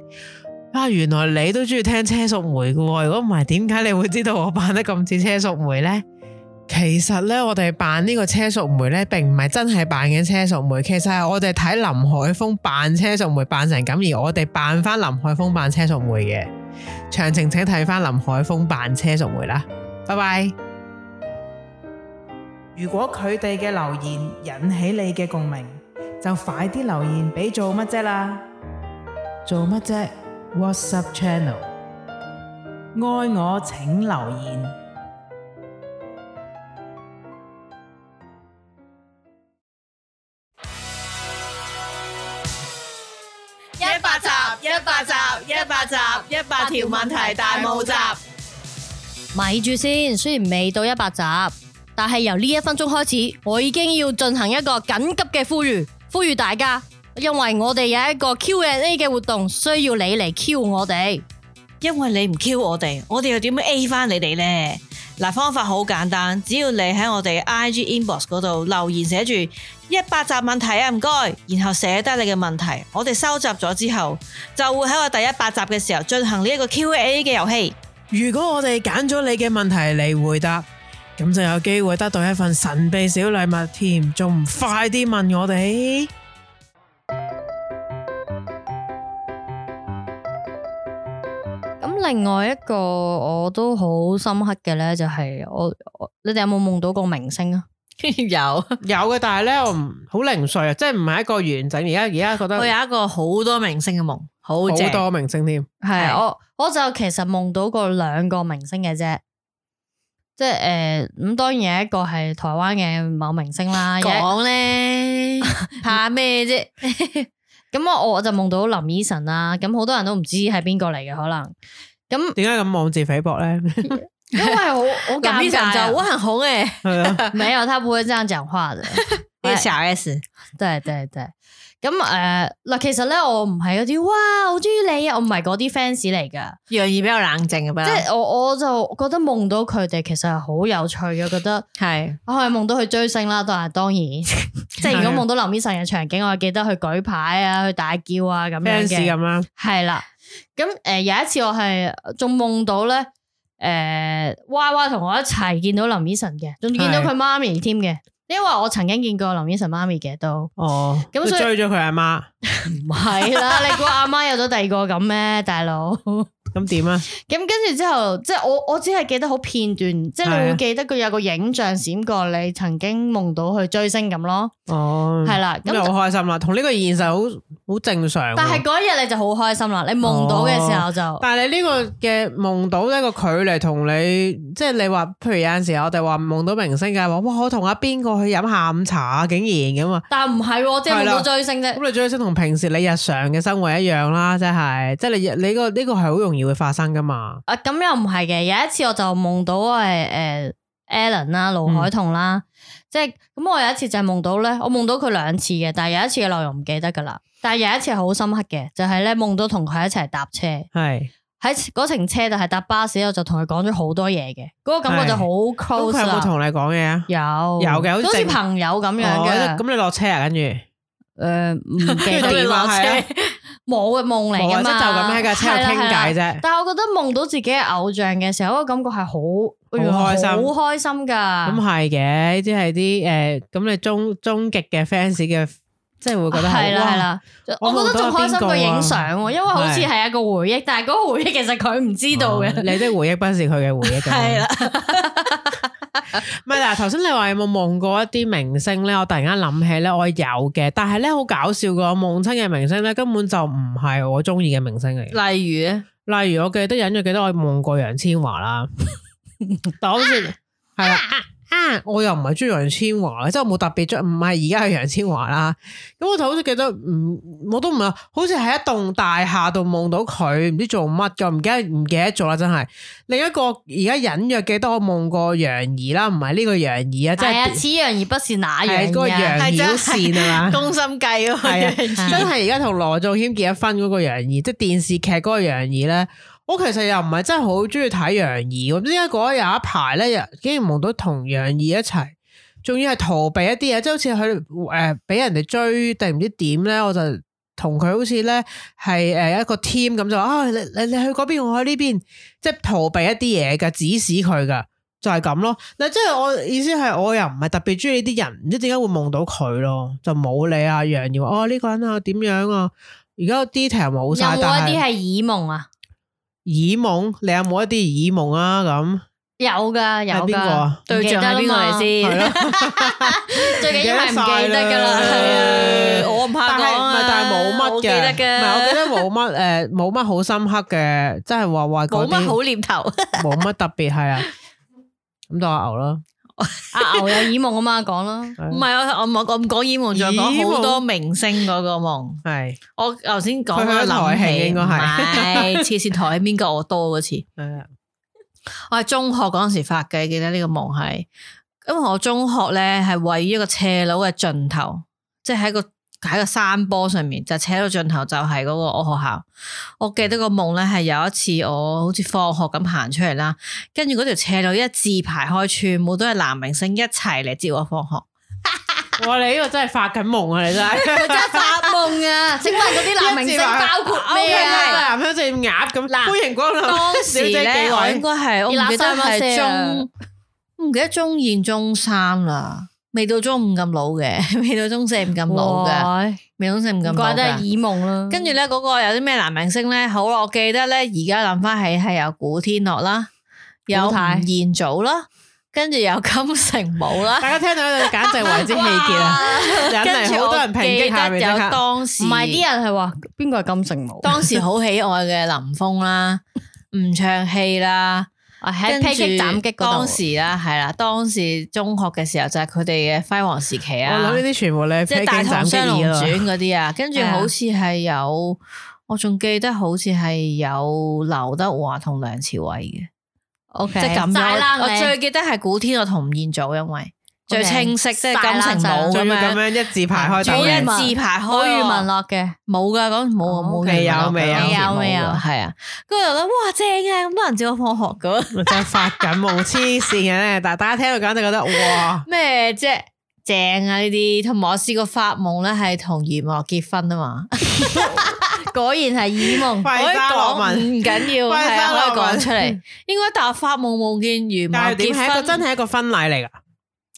啊！原來你都中意聽車淑梅嘅，如果唔係，點解你會知道我扮得咁似車淑梅呢？其實呢，我哋扮呢個車淑梅呢，並唔係真係扮緊車淑梅，其實係我哋睇林海峰扮車淑梅扮成咁，而我哋扮翻林海峰扮車淑梅嘅。詳情請睇翻林海峰扮車淑梅啦，拜拜！如果佢哋嘅留言引起你嘅共鳴，就快啲留言俾做乜啫啦？做乜啫？WhatsApp Channel，愛我請留言，一百集，一百集，一百條問題大募集，咪住先。雖然未到一百集，但係由呢一分鐘開始，我已經要進行一個緊急嘅呼籲，呼籲大家，因為我哋有一個 Q and A 嘅活動，需要你嚟 Q 我哋。因為你唔 Q 我哋，我哋又點樣 A 翻你哋呢？嗱，方法好簡單，只要你喺我哋 IG inbox 嗰度留言寫住一百集問題啊，唔該，然後寫低你嘅問題，我哋收集咗之後，就會喺我第一百集嘅時候進行呢一個 QA 嘅遊戲。如果我哋揀咗你嘅問題嚟回答，咁就有機會得到一份神秘小禮物添，仲唔快啲問我哋？另外一個我都好深刻嘅咧，就係我你哋有冇夢到過明星啊？ 有 有嘅，但係咧我唔好零碎啊，即係唔係一個完整。而家而家覺得佢有一個好多明星嘅夢，好,好多明星添。係我我就其實夢到過兩個明星嘅啫，即係誒咁當然有一個係台灣嘅某明星啦。講 咧 怕咩啫？咁 我我就夢到林依晨啦。咁好多人都唔知係邊個嚟嘅，可能。咁點解咁妄自菲薄咧？因為我我講咩啫，我 很紅誒，係啊，沒有，他不會這樣講話的，小 S，, 對對對，咁誒，嗱，其實咧，我唔係嗰啲哇，好中意你啊，我唔係嗰啲 fans 嚟噶，楊怡比較冷靜咁樣。即係我我就覺得夢到佢哋其實係好有趣嘅，我覺得係，我可以夢到去追星啦，但係當然，即係 是如果夢到林依晨嘅場景，我係記得去舉牌啊，去大叫啊咁樣嘅，咁樣係啦。了咁誒、呃，有一次我係仲夢到咧，誒、呃、娃娃同我一齊見到林依晨嘅，仲見到佢媽咪添嘅，因為我曾經見過林依晨媽咪嘅都哦，咁所以追咗佢阿媽，唔係 啦，你估阿媽有咗第二個咁咩大佬？ 咁點啊？咁跟住之後，即係我我只係記得好片段，即係你會記得佢有個影像閃過，你曾經夢到去追星咁咯。哦，係啦了，咁、嗯、就好開心啦。同呢個現實好好正常但一、哦。但係嗰日你就好開心啦，你夢到嘅時候就。但係你呢個嘅夢到呢個距離同你，即係你話，譬如有陣時我哋話夢到明星嘅話，哇，我同阿邊個去飲下午茶，竟然咁啊！但唔係、哦，即係夢到追星啫。咁你追星同平時你日常嘅生活一樣啦，即係，即係你你、這個呢、這個係好容易。會發生噶嘛？啊，咁又唔係嘅。有一次我就夢到係誒 Ellen 啦，盧、呃、凱彤啦，嗯、即係咁。我有一次就夢到咧，我夢到佢兩次嘅，但係有一次嘅內容唔記得噶啦。但係有一次係好深刻嘅，就係咧夢到同佢一齊搭車，係喺嗰程車就係搭巴士，我就同佢講咗好多嘢嘅，嗰是個感覺就好 close 啊。佢有冇同你講嘢啊？有有嘅，好似好像 正朋友咁樣嘅。咁、哦、你落車啊，跟住。誒，唔記得冇嘅夢嚟啊嘛，就咁喺架車傾偈啫。但係我覺得夢到自己嘅偶像嘅時候，個感覺係好開心，好開心噶。咁係嘅，呢啲係啲誒，咁你終終極嘅 fans 嘅，即係會覺得係啦係啦。我覺得仲開心過影相，因為好似係一個回憶，但係嗰個回憶其實佢唔知道嘅。你的回憶不是佢嘅回憶，係啦。唔係嗱，頭先 你話有冇夢過一啲明星咧？我突然間諗起咧，我有嘅，但係咧好搞笑嘅，我夢親嘅明星咧根本就唔係我中意嘅明星嚟。例如咧，例如我記得隱約記得我夢過楊千嬅啦，等先係啦。 啊！我又唔係中意楊千嬅，即係我冇特別中意，唔係而家係楊千嬅啦。咁我就好似記得，唔我都唔係，好似喺一棟大廈度夢到佢，唔知做乜嘅，唔記得唔記得咗啦，真係。另一個而家隱約記得我夢過楊怡啦，唔係呢個楊怡、就是、啊，即係此楊怡不是、啊、是那楊、個，嗰 個楊曉倩啊嘛，宮心計嗰個真係而家同羅仲謙結咗婚嗰個楊怡，即、就、係、是、電視劇嗰個楊怡咧。我其實又唔係真係好中意睇楊怡，我唔知點解嗰一有一排咧，又竟然夢到同楊怡一齊，仲要係逃避一啲嘢，即係好似佢誒俾人哋追定唔知點咧，我就同佢好似咧係誒一個 team 咁就，啊你你你去嗰邊，我喺呢邊，即係逃避一啲嘢噶，指使佢噶，就係咁咯。嗱，即係我意思係我又唔係特別中意呢啲人，唔知點解會夢到佢咯，就冇你啊楊怡，哦呢個人啊點樣啊，而家 detail 冇晒，但係啲係耳夢啊。耳夢，你有冇一啲耳夢啊？咁有噶，有邊個啊？對象係邊個嚟先？最緊要係唔記得噶啦，係啊，我唔怕講啊，但係冇乜嘅，唔係我覺得冇乜，誒，冇乜好深刻嘅，即係話話冇乜好念頭，冇 乜特別係啊，咁就阿牛咯。阿 牛有耳夢啊嘛，講咯， 唔係我我冇講講耳夢，仲講好多明星嗰個夢。係 是我頭先講咗劉偉慶，應該係黐線台喺邊個我多嗰次。 的我係中學嗰陣時發嘅，記得呢個夢係，因為我中學咧係位於一個斜路嘅盡頭，即係喺個。喺個山坡上面就扯到盡頭，就係嗰個我學校。我記得個夢咧，係有一次我好似放學咁行出嚟啦，跟住嗰條斜路一字排開，全部都係男明星一齊嚟接我放學。哇 你呢個真係發緊夢啊！你真係 發夢啊！請問嗰啲男明星包括咩啊？男明星鴨咁？歡迎光臨，當時 小姐幾位？應該係我諗係中？唔記得鐘燕、中三啦。未到中午咁老嘅，未到中四唔咁老嘅，未到中四唔咁老。覺得係耳夢咯。跟住咧，嗰個有啲咩男明星咧？好我記得咧，而家諗返起係有古天樂啦，有吳彥祖啦，跟住有金城武啦。大家聽到就簡直為之氣結呀。跟住好多人評擊，有當時，唔係啲人係話邊個係金城武。當時好喜愛嘅林峰啦，唔唱戲啦。我喺《披荊斬棘》當時啦，係啦，當時中學嘅時候就係佢哋嘅輝煌時期啊！我諗呢啲全部咧，即係《大唐雙龍傳》嗰啲啊，跟住好似係有，我仲記得好似係有劉德華同梁朝偉嘅。O K，即咁樣，我最記得係古天樂同吳彥祖，因為。最清晰，即係金城武咁樣，一字排開，一字排開，余文樂嘅冇噶，咁冇冇。未有未有未有，係啊！跟住又覺得，哇正啊！咁多人接我放學噶，真係發緊夢，黐綫嘅咧。但係大家聽到簡直覺得哇，咩即係？正啊！呢啲，同埋我試過發夢咧，係同余文樂結婚啊嘛。果然係耳夢，可以講唔緊要，係可以講出嚟。應該答發夢夢見余文樂結婚，真係一個婚禮嚟噶。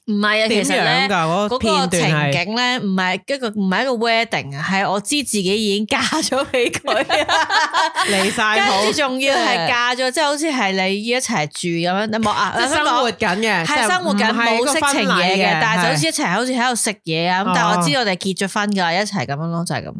唔係啊，其實咧，嗰個情景咧，唔係一個唔係一個 wedding 啊，係我知自己已經嫁咗俾佢啊，離晒譜，跟住仲要係嫁咗，即係好似係你一齊住咁樣，你冇啊，生活緊嘅，係生活緊冇色情嘢嘅，但係好似一齊，好似喺度食嘢啊，但係我知我哋結咗婚噶，一齊咁樣咯，就係咁，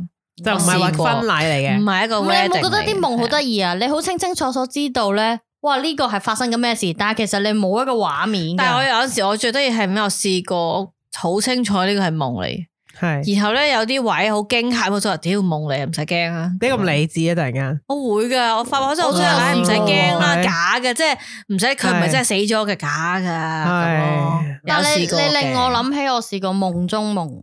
就唔係婚禮嚟嘅。唔係一個。你有冇覺得啲夢好得意啊？你好清清楚楚知道咧。哇！呢、這個係發生緊咩事？但係其實你冇一個畫面。但係我有陣時我最得意係咩？我試過好清楚呢個係夢嚟。係是。然後咧有啲位好驚嚇，我就話屌夢嚟，唔使驚啊！你咁理智啊，突然間。我會噶，我發、哦、我真係唔使驚啦，假嘅，即係唔使佢唔係真係死咗嘅，是假噶。是但係你你令我諗起我試過夢中夢。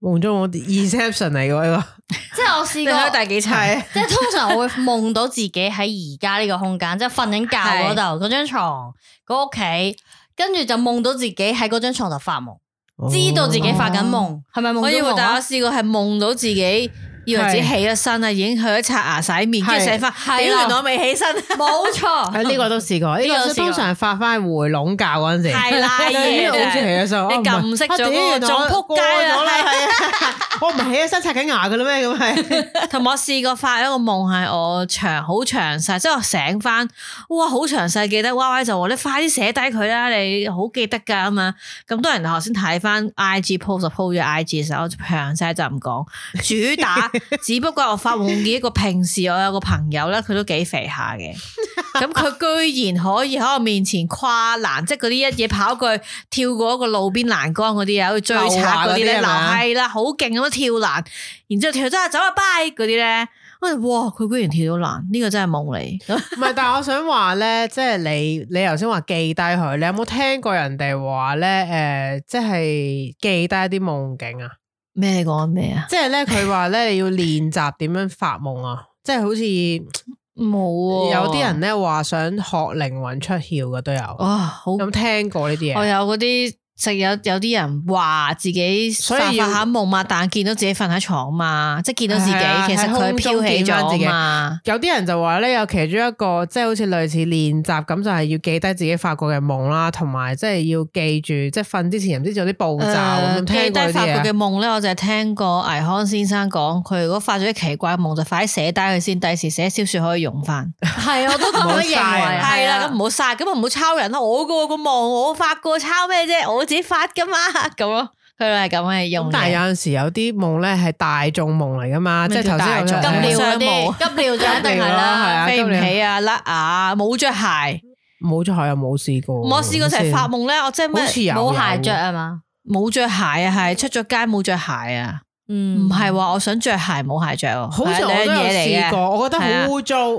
夢中 我啲 exception 嚟嘅呢個， 即係我試過第幾層，即係通常我會夢到自己喺而家呢個空間，即係瞓緊覺嗰度嗰張床嗰屋企，跟住就夢到自己喺嗰張床度發夢，哦、知道自己發緊夢，係咪夢到夢？我以為大家試過係夢到自己。 以為自己起咗身啊，已經去咗刷牙、洗面，跟住醒翻，原來我未起身，冇錯，呢個都試過。呢個通常發翻去回籠覺嗰陣時，太拉嘢啦！你咁唔識點，仲仆街咗啦！我唔係起咗身刷緊牙噶啦咩？咁係。同埋我試過發一個夢，係我長好詳細，即係我醒翻，哇，好詳細記得。Y Y 就話你快啲寫低佢啦，你好記得噶嘛？咁多人頭先睇翻 I G post post 咗 I G 嘅時候，詳細就唔講主打。 只不過我發夢見一個平時我有個朋友咧，佢都幾肥下嘅，咁佢 居然可以喺我面前跨欄， 即係嗰啲一嘢跑過去跳過一個路邊欄杆嗰啲啊，去追賊嗰啲咧，係啦，好勁咁樣跳欄，然之後跳咗啊，走啦，拜嗰啲咧，哇，佢居然跳到欄，呢、這個真係夢嚟。唔係，但係我想話咧，即係你你頭先話記低佢，你有冇聽過人哋話咧？誒、呃，即係記低一啲夢境啊？咩講咩啊？即係咧，佢話咧要練習點樣發夢啊！即係好似冇，啊。有啲人咧話想學靈魂出竅嘅都有。哇，好！有冇聽過呢啲嘢？我有嗰啲。有有啲人話自己發發下夢嘛，但見到自己瞓喺牀嘛，即見到自己其實佢飄起咗嘛。有啲人就話咧，有其中一個即係好似類似練習咁，就係要記低自己發過嘅夢啦，同埋即係要記住即係瞓之前唔知做啲步驟咁記低發過嘅夢咧，我就係聽過倪康先生講，佢如果發咗啲奇怪嘅夢，就快啲寫低佢先，第時寫小説可以用翻。係，我都咁樣認為。係啦，咁唔好嘥，咁啊唔好抄人咯。我個個夢我發過，抄咩啫？我自己發噶嘛？咁咯，佢係咁係用。但係有陣時有啲夢咧係大眾夢嚟噶嘛，即係頭先急尿嗰啲，急尿咗一定係啦，飛唔起啊，甩牙，冇着鞋，冇着鞋又冇試過。我試過成日發夢咧，我真係冇鞋着啊嘛，冇着鞋啊，係出咗街冇着鞋啊，唔係話我想着鞋冇鞋着。好似我都試過，我覺得好污糟，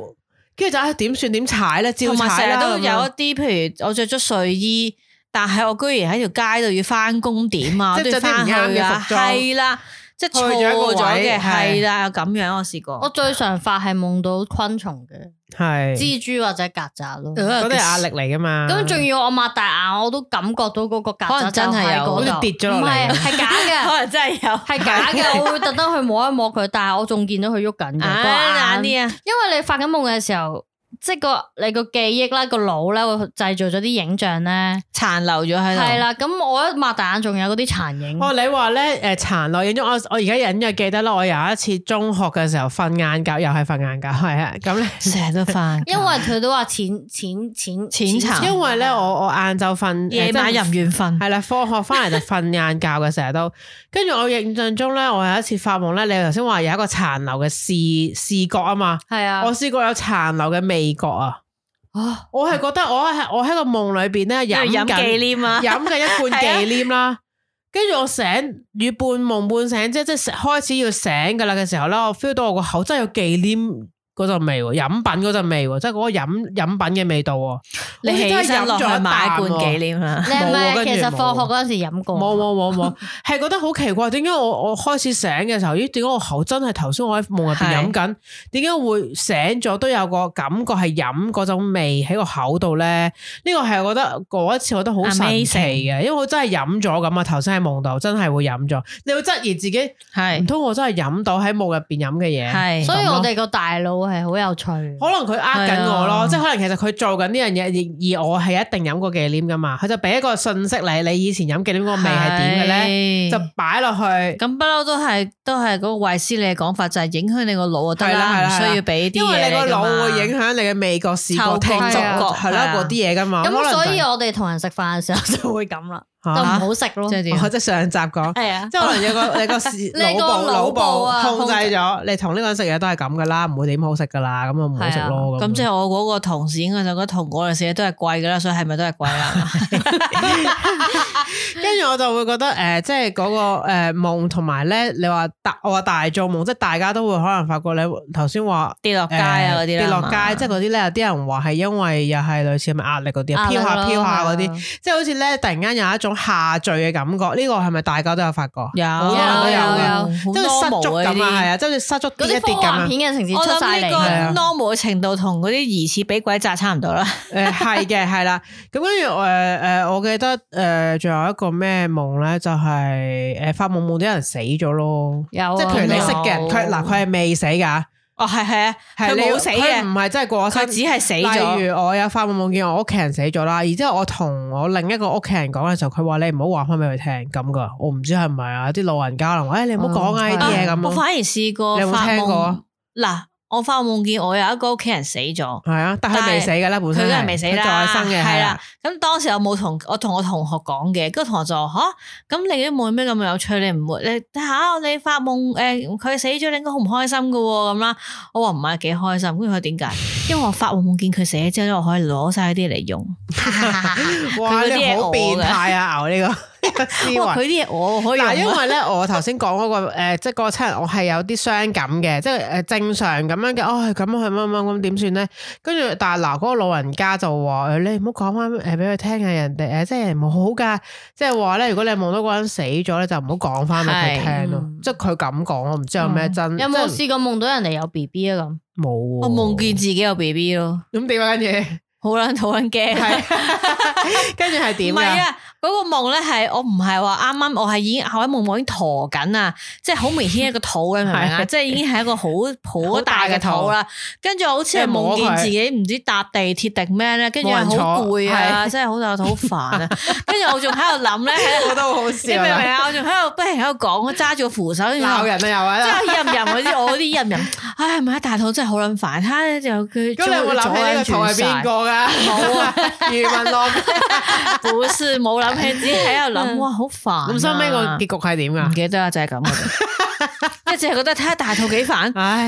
跟住就點算點踩咧？照踩啦。同埋成日都有一啲，譬如我着咗睡衣。但係我居然喺條街度要翻工點啊？即要翻去啊！係啦，即係錯咗嘅係啦，咁樣我試過。我最常發係夢到昆蟲嘅，係蜘蛛或者曱甴咯。嗰啲壓力嚟噶嘛？咁仲要我擘大眼，我都感覺到嗰個曱甴真係有，我都跌咗。唔係，係假嘅，可能真係有，係假嘅。我會特登去摸一摸佢，但係我仲見到佢喐緊嘅。啊，眼啲啊！因為你發緊夢嘅時候。即係個你個記憶啦，個腦咧會製造咗啲影像咧，殘留咗喺度。係啦，咁我一擘大眼仲有嗰啲殘影。哦，你話咧誒，殘、呃、留影咗我我而家隱約記得咯，我有一次中學嘅時候瞓晏覺，又係瞓晏覺，係啊，咁咧成日都瞓。 因為佢都話淺淺淺淺因為咧淺對，我我晏晝瞓，夜晚入院瞓。係啦、嗯，放學翻嚟就瞓晏覺嘅，成日都。跟住我印象中咧，我有一次發夢咧，你頭先話有一個殘留嘅視視覺啊嘛。係啊的。我試過有殘留嘅味。美啊，啊，我係覺得我係我喺個夢裏邊咧飲飲忌廉啊，飲嘅一罐忌廉啦，跟住 是、啊、我醒，與半夢半醒，即係即係開始要醒噶啦嘅時候咧，我 feel 到我個口真係有忌廉。嗰陣味喎，飲品嗰陣味喎，即係嗰個飲，飲品嘅味道喎。你都係飲咗一大罐忌廉啊？唔係， 其實放學嗰陣時飲過。冇冇冇冇，係 覺得好奇怪，點解我我開始醒嘅時候，咦？點解我口真係頭先我喺夢入邊飲緊？點解是會醒咗都有個感覺係飲嗰種味喺個口度咧？呢個係我覺得嗰一次我覺得好神奇嘅，因為我真係飲咗咁啊！頭先喺夢度真係會飲咗，你會質疑自己係唔通我真係飲到喺夢入邊飲嘅嘢？係是，所以我哋個大腦係好有趣，可能佢呃緊我咯，啊、即係可能其實佢做緊呢樣嘢，而而我係一定飲過忌廉噶嘛，佢就俾一個信息你，你以前飲忌廉嗰個味係點嘅咧，啊、就擺落去。咁不嬲都係都係嗰個衛斯理你嘅講法，就係、是、影響你個腦啊得啦，需要俾。因為你個腦會影響你嘅味覺、視覺、聽覺，係啦啲嘢噶嘛。咁所以我哋同人食飯嘅時候就會咁啦。 就唔好食咯，即係點？我即係上集講，係啊，即係可能有個你個腦部腦部控制咗，你同呢個人食嘢都係咁噶啦，唔會點好食噶啦，咁就唔好食咯。咁即係我嗰個同事應該就覺得同我哋食嘢都係貴噶啦，所以係咪都係貴啊？跟住我就會覺得誒，即係嗰個誒夢同埋咧，你話我話大做夢，即係大家都會可能發覺你頭先話跌落街啊嗰啲，跌落街即係嗰啲咧，有啲人話係因為又係類似係咪壓力嗰啲，飄下飄下嗰啲，即係好似咧突然間有一種。下墜嘅感覺，呢個係咪大家都有發覺？有，有，有，有，有，即係失足咁啊，係啊，即係失足一跌咁啊。嗰啲科幻片嘅情節出晒嚟，normal 程度同嗰啲疑似俾鬼炸差唔多啦。 誒，係嘅，係啦。咁跟住，誒誒，我記得誒，仲有一個咩夢咧，就係誒，發夢夢到人死咗咯有、啊。有，即係譬如你識嘅人，佢嗱佢係未死噶。哦，係係啊，佢冇的死嘅，唔係真係過咗身，只係死咗。例如我有發夢夢見我屋企人死咗啦，然之後我同我另一個屋企人講嘅時候，佢話你唔好話翻俾佢聽咁噶，我唔知係唔係啊，啲老人家啦，誒、欸，你唔好講啊呢啲嘢咁。我反而試過，你有冇聽過啊？嗱。我發夢見我有一個屋企人死咗，係啊，但係未死噶啦，本身，佢都係未死啦，佢仲生嘅，係啦、啊。咁、啊、當時我冇同我同我同學講嘅，個同學就話：，吓、啊，咁你啲夢有咩咁有趣？你唔會，你吓、啊，你發夢誒，佢、呃、死咗，你應該好唔開心噶、哦？咁啦，我話唔係幾開心，跟住佢點解？因為我發夢夢見佢死咗之後咧，我可以攞晒啲嚟用。 哇，你好變態啊！熬呢個。哇！佢啲嘢我可以，嗱、啊，因為咧，我頭先講嗰個誒、 呃，即係嗰個親人，我係有啲傷感嘅，即係誒正常咁、哎、樣嘅。哦，咁佢乜乜咁點算咧？跟住，但係嗱，嗰個老人家就話：誒、哎，你唔好講翻誒俾佢聽啊！人哋誒，即係唔好噶，即係話咧，如果你夢到嗰人死咗咧，就唔好講翻俾佢聽咯。嗯、即係佢咁講，我唔知有咩真。嗯、有冇試過夢到人哋有 B B 啊？咁冇，我夢見自己有 B B 咯。咁點解跟好撚好撚驚，跟住係點啊？ 嗰個夢咧，係我唔係話啱啱，我係已經後尾夢夢已經陀緊啊，即係好明顯一個肚嘅，明唔明啊？即係已經係一個好好大嘅肚啦。跟住好似係夢見自己唔知搭地鐵定咩咧，跟住好攰係啊，真係好大肚，好煩啊。跟住我仲喺度諗咧，我喺度都好笑，明唔明啊？我仲喺度不停喺度講，我揸住個扶手鬧人啊，又係即係任人嗰啲，我啲任人，唉，買大肚真係好撚煩。就佢咁，你有冇諗起呢個肚係邊個噶？冇啊，余文樂，不是冇咁平只喺度諗，哇好煩！咁收尾個結局係點噶？唔記得啦，就係咁，即係淨係覺得睇下大肚幾煩，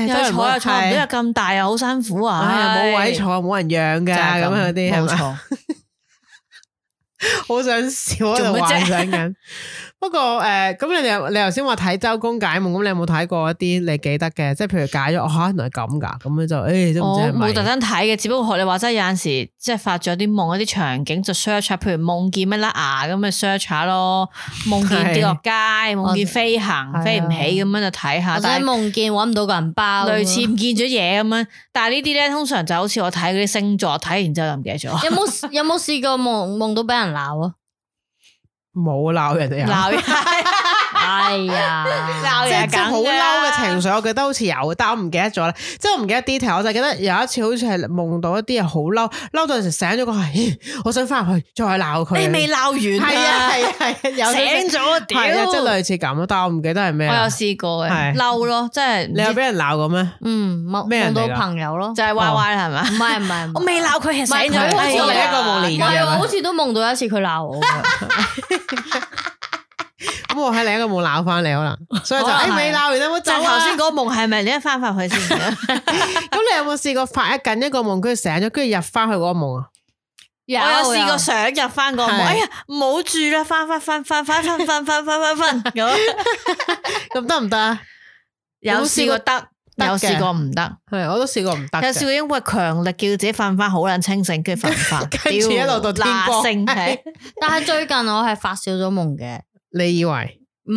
又坐又坐，咁大啊，好辛苦啊，又冇位坐，冇人養噶，咁嗰啲冇錯。好想笑喺度幻想緊。不過誒，咁、呃、你哋，你頭先話睇周公解夢，咁你有冇睇過一啲你記得嘅？即係譬如解咗，嚇、哦、原來係咁㗎，咁樣就誒都唔知係咪？我冇特登睇嘅，只不過學你話齋有陣時即係發咗啲夢，一啲場景就 search 譬如夢見咩甩牙咁咪 search 下咯，夢見跌落街，夢見飛行飛唔起咁樣就睇下。但係 夢見揾唔到個銀包，是類似唔見咗嘢咁樣。 但係呢啲咧通常就好似我睇嗰啲星座，睇完之後又唔記得咗。有冇有冇試過夢夢到俾人鬧啊？冇鬧人哋啊！係啊，即係即係好嬲嘅情緒，我覺得好似有，但係我唔記得咗啦，即係我唔記得 detail，我就記得有一次好似係夢到一啲嘢好嬲，嬲到時醒咗個，我想翻去再鬧佢。你未鬧完係啊係啊係，醒咗一啲，即係類似咁，但我唔記得係咩。我有試過嘅，嬲咯，即係。你有俾人鬧過咩？嗯，夢到朋友咯，就係壞壞係咪？唔係唔係，我未鬧佢，係醒咗你一個冇聯繫，好似都夢到一次佢鬧我。咁我喺另一個夢鬧翻你可能，所以就誒未鬧完，你冇走。頭先嗰個夢係咪你一翻翻去先？咁你有冇試過發一緊一個夢，佢醒咗，跟住入翻去嗰個夢啊？我有試過想入翻個夢，哎呀，唔好住啦，翻翻翻翻翻翻翻翻翻翻咁，咁得唔得啊？有試過得，有試過唔得，係我都試過唔得。有試過因為強力叫自己瞓翻好難清醒，跟住瞓翻跟住一路度拉醒。但係最近我係發少咗夢嘅。你以為唔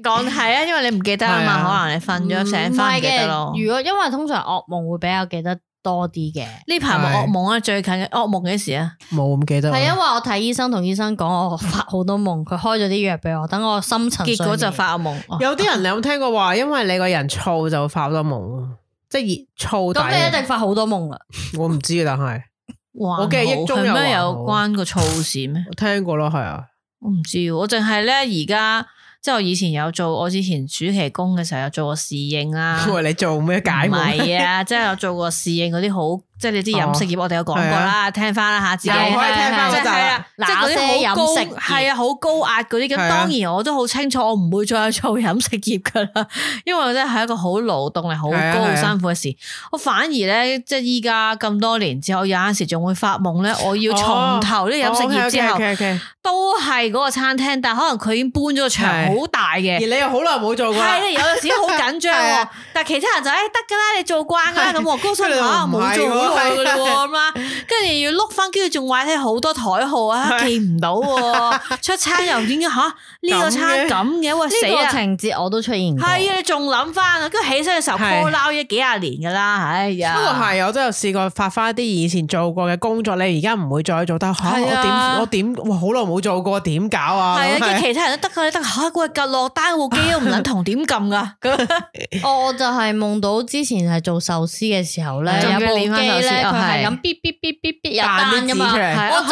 講係啊，因為你唔記得啊嘛，可能你瞓咗醒翻唔記得咯。如果因為通常噩夢會比較記得多啲嘅，呢排冇噩夢啊，最近嘅噩夢幾時啊？冇，唔記得。係因為我睇醫生同醫生講，我發好多夢，佢開咗啲藥俾我，等我深層。結果就發噩夢。有啲人你有冇聽過話，因為你個人燥就發好多夢，即係燥底。咁你一定發好多夢啦。我唔知，但係我記憶中有關個燥事咩？我聽過咯，係啊。我唔知道，我淨係咧而家，即我以前有做，我之前暑期工嘅時候有做過侍應啊。我話你做咩解什麼？唔係啊， 即係有做過侍應嗰啲好。即係你啲飲食業，我哋有講過啦，聽翻啦嚇，自己聽翻就係啊，即係啲好高，食，係啊，好高壓嗰啲。咁當然我都好清楚，我唔會再做飲食業噶啦，因為真係一個好勞動力、好高、好辛苦嘅事。我反而咧，即係依家咁多年之後，有陣時仲會發夢咧，我要從頭啲飲食業之後，都係嗰個餐廳，但可能佢已經搬咗個場，好大嘅。而你又好耐冇做，係啊。而我有時好緊張，但其他人就誒得㗎啦，你做慣㗎啦，咁我高可能冇做。係噶，跟住要碌翻，跟住仲話晒好多台號啊，記唔到，出餐又點嘅吓？呢、啊這個餐咁嘅，死個情節我都出現過。係啊，你仲諗翻啊，跟住起身嘅時候，撈撈咗幾廿年噶啦，唉呀！不過係，我都有試過發翻一啲以前做過嘅工作，你而家唔會再做，得、啊、吓、啊？我點我點哇？好耐冇做過，點搞啊？係啊，跟其他人都得噶，得吓？嗰日撳落單部機都唔諗同點撳噶。我， 我就係夢到之前係做壽司嘅時候咧，有機。佢係咁嗶嗶嗶嗶嗶入單噶嘛，我就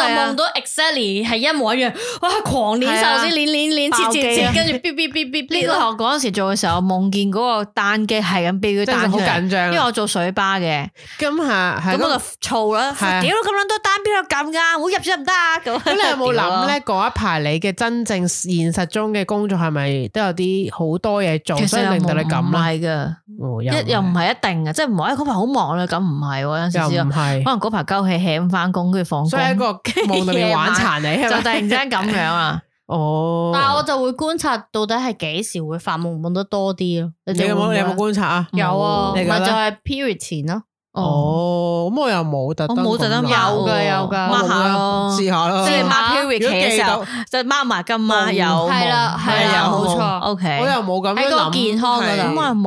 夢到 Excel 係一模一樣，哇狂練手先練練練，跟住嗶嗶嗶嗶。呢個我嗰陣時做嘅時候，夢見嗰個單機係咁嗶個單出嚟，好緊張。因為我做水巴嘅，咁吓，咁我就燥啦，屌咁樣都單邊度撳噶，唔好入咗唔得。咁你有冇諗咧？嗰一排你嘅真正現實中嘅工作係咪都有啲好多嘢做，所以令到你咁咧？唔係噶，一又唔係一定嘅，即係唔係嗰排好忙咧，咁唔係。又唔係，可能嗰排溝氣起咁翻工，跟住放工，所以係一個夢裏面玩殘你， 就突然之間咁樣啊！ 哦，但係我就會觀察到底係幾時會發夢夢得多啲咯？你有冇你有冇觀察啊？是有啊，咪就係 period 前咯。哦，咁我又冇特，我冇特登有嘅，有嘅，抹下咯，試下啦，即係抹 pair with 嘅時候，即係抹埋今晚，有係啦，係啦，冇錯，OK，我又冇咁諗喺個健康嗰度，咁我又冇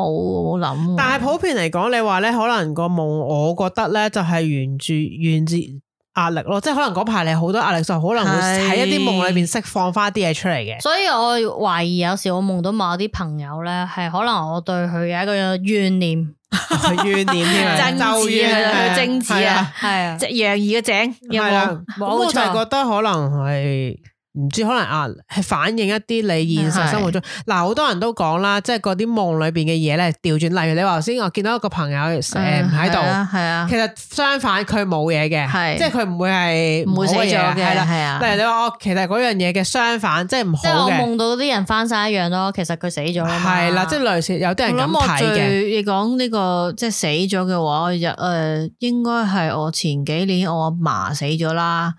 冇諗。但係普遍嚟講，你話咧，可能個夢，我覺得咧，就係源自源自壓力咯，即係可能嗰排你好多壓力，就可能會喺一啲夢裏邊釋放翻啲嘢出嚟嘅。所以我懷疑有時我夢到某啲朋友咧，係可能我對佢嘅一個怨念。怨念添啊， 貞子啊， 貞子啊，係啊，即係楊怡嘅井，係啦，啊、我就係覺得可能係。唔知可能啊，係反映一啲你現實生活中嗱，好多人都講啦，即係嗰啲夢裏邊嘅嘢咧，調轉，例如你話頭先，我見到一個朋友誒唔喺度，係啊，其實相反佢冇嘢嘅，係，即係佢唔會係唔會死咗嘅，係啦，係啊。例如你話我，其實嗰樣嘢嘅相反，即係唔即係我夢到啲人翻晒一樣咯，其實佢死咗啦，係啦，即係類似有啲人咁睇嘅。你講呢個即係死咗嘅話，誒，應該係我前幾年我阿嫲死咗啦。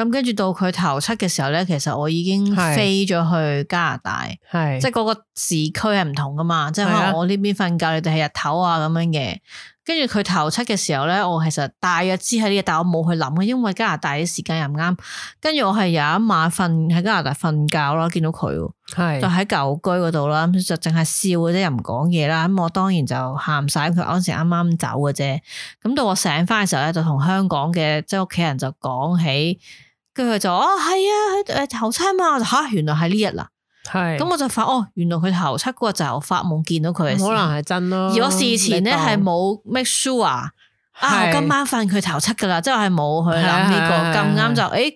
咁跟住到佢頭七嘅時候咧，其實我已經飛咗去加拿大，的即係嗰個時區係唔同噶嘛，的即係可能我呢邊瞓覺，你哋係日頭啊咁樣嘅。跟住佢頭七嘅時候咧，我其實大約知喺呢個，但我冇去諗嘅，因為加拿大啲時間又唔啱。跟住我係有一晚瞓喺加拿大瞓覺咯，見到佢的，就喺舊居嗰度啦，就淨係笑嗰啲又唔講嘢啦。咁我當然就喊晒，佢嗰時啱啱走嘅啫。咁到我醒翻嘅時候咧，就同香港嘅即係屋企人就講起，跟住佢就哦係啊，誒頭七嘛，我就吓、啊，原來係呢日啦。係是，咁我就發哦，原來佢頭七嗰就發夢見到佢。嘅可能係真咯、啊。如果事前咧係冇 make sure 啊，我今晚瞓佢頭七噶啦，即係我係冇去諗呢、這個咁啱就誒，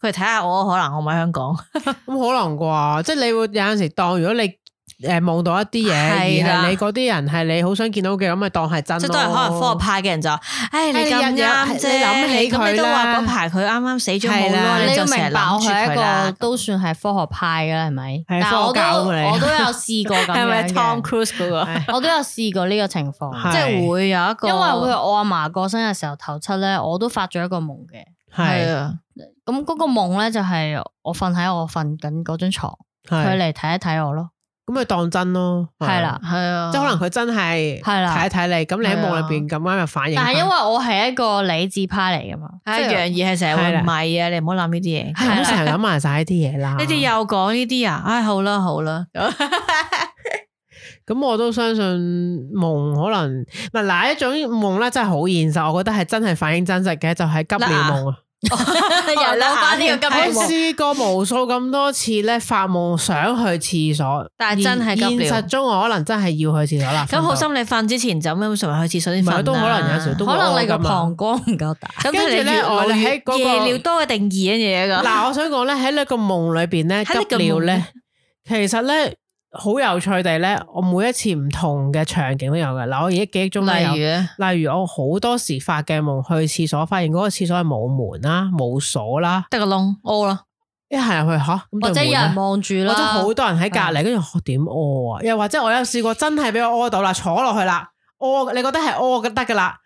佢睇下我可能我唔喺香港。咁 可能啩？即係你會有陣時當如果你。誒，夢到一啲嘢，而係你嗰啲人係你好想見到嘅，咁咪當係真咯。即係可能科學派嘅人就誒，你日即你諗起咁？佢啦。嗰排佢啱啱死咗冇耐，你都明白我係一個都算係科學派嘅啦，係咪？但我都有試過咁樣。係咪 Tom Cruise 嗰個？我都有試過呢個情況，即係會有一個。因為我阿嫲過生日嘅時候頭七咧，我都發咗一個夢嘅。係啊，咁嗰個夢咧就係我瞓喺我瞓緊嗰張床，佢嚟睇一睇我咯。咁咪當真咯，係啦，係啊，即係可能佢真係睇一睇你，咁你喺夢裏邊咁啱又反映。但係因為我係一個理智派嚟噶嘛，即係樣嘢係成日唔係啊，你唔好諗呢啲嘢，我成日諗埋晒呢啲嘢啦。你哋又講呢啲啊，唉好啦好啦。咁我都相信夢可能嗱嗱，一種夢咧真係好現實，我覺得係真係反映真實嘅，就係急尿夢啊。你 又攞翻呢個急尿，試過無數咁多次咧，發夢想去廁所，但係真係現現實中我可能真係要去廁所啦。咁好心你瞓之前就咁，順便去廁所先瞓，啊、都可能有時都可能。你個膀胱唔夠大。咁跟住咧，我喺，嗰個，夜尿多嘅定義嘅嘢噶。嗱， 我想講咧，喺你個夢裏邊咧急尿咧，其實咧。好有趣地咧，我每一次唔同嘅場景都有嘅。嗱，我而家記憶中咧，例如咧，例如我好多時發嘅夢，去廁所發現嗰個廁所係冇門啦，冇鎖啦，得個窿屙啦，一行入去吓，啊、或者有人望住啦，或者好多人喺隔籬，跟住點屙啊？又或者我有試過真係俾我屙到啦，坐落去啦，屙，你覺得係屙就得噶啦。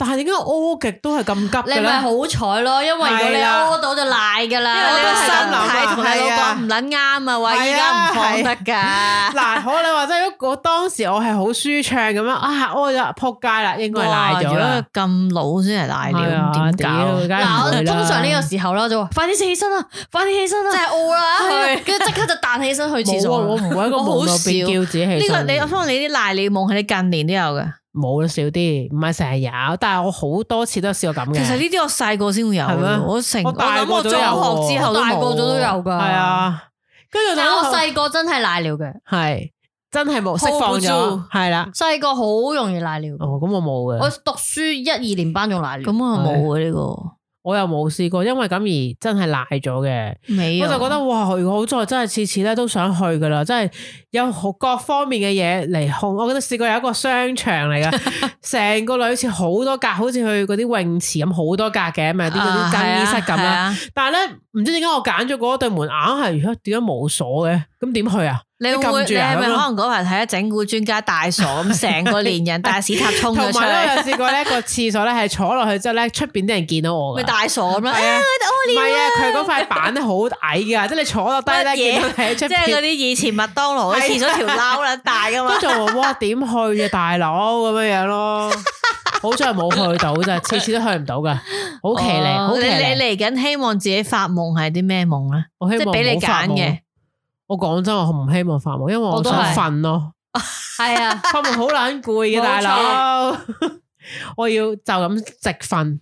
但係點解屙極都係咁急？你咪好彩咯，因為如果你屙到就瀨噶啦因為你身體同你老廣唔捻啱啊，話而家唔放得噶。嗱，我你話真係如果當時我係好舒暢咁樣啊，屙咗扑街啦，應該瀨咗。咁老先係瀨尿，點解？嗱，我通常呢個時候咧就話，快啲起身啦，快啲起身啦，真係屙啦。跟住即刻就彈起身去廁所。我唔會喺個門嗰邊叫自己起身。呢個你我發覺你啲瀨尿夢係你近年都有嘅？冇啦，少啲，唔係成日有，但係我好多次都試過咁嘅。其實呢啲我細個先會有，係咩？我成我諗我中學之後大個咗都有噶。係啊，跟住但我細個真係賴尿嘅，係真係冇釋放咗，係啦，細個好容易賴尿。哦，咁我冇嘅，我讀書一二年班仲賴尿，咁我冇嘅呢個。我又冇試過，因為咁而真係賴咗嘅。用我就覺得哇，如果好在真係次次咧都想去噶啦，真係有各方面嘅嘢嚟控。我記得試過有一個商場嚟㗎，成 個類似好多格，好似去嗰啲泳池咁，好多格嘅，咪啲更衣室咁啦。啊啊啊、但係咧，唔知點解我揀咗嗰一對門，硬係點解冇鎖嘅？咁點去啊？你會咪可能嗰排睇咗整蠱專家大傻咁成個連人，大屎塔衝咗出嚟。同埋咧，有試過咧個廁所咧係坐落去之後咧，出邊啲人見到我。咪大傻咩？係啊，唔係啊，佢嗰塊板咧好矮噶即係你坐落低咧見出。即係嗰啲以前麥當勞個廁所條撈啦大噶嘛跟住我話，哇，點去嘅大佬咁樣樣咯？好彩冇去到啫，次次都去唔到噶，好奇嚟。好，你嚟緊希望自己發夢係啲咩夢咧？即係俾你揀嘅。我講真，我唔希望發夢，因為我想瞓咯。係、哦、啊，啊發夢好難攰嘅、啊、 錯大佬。我要就咁直瞓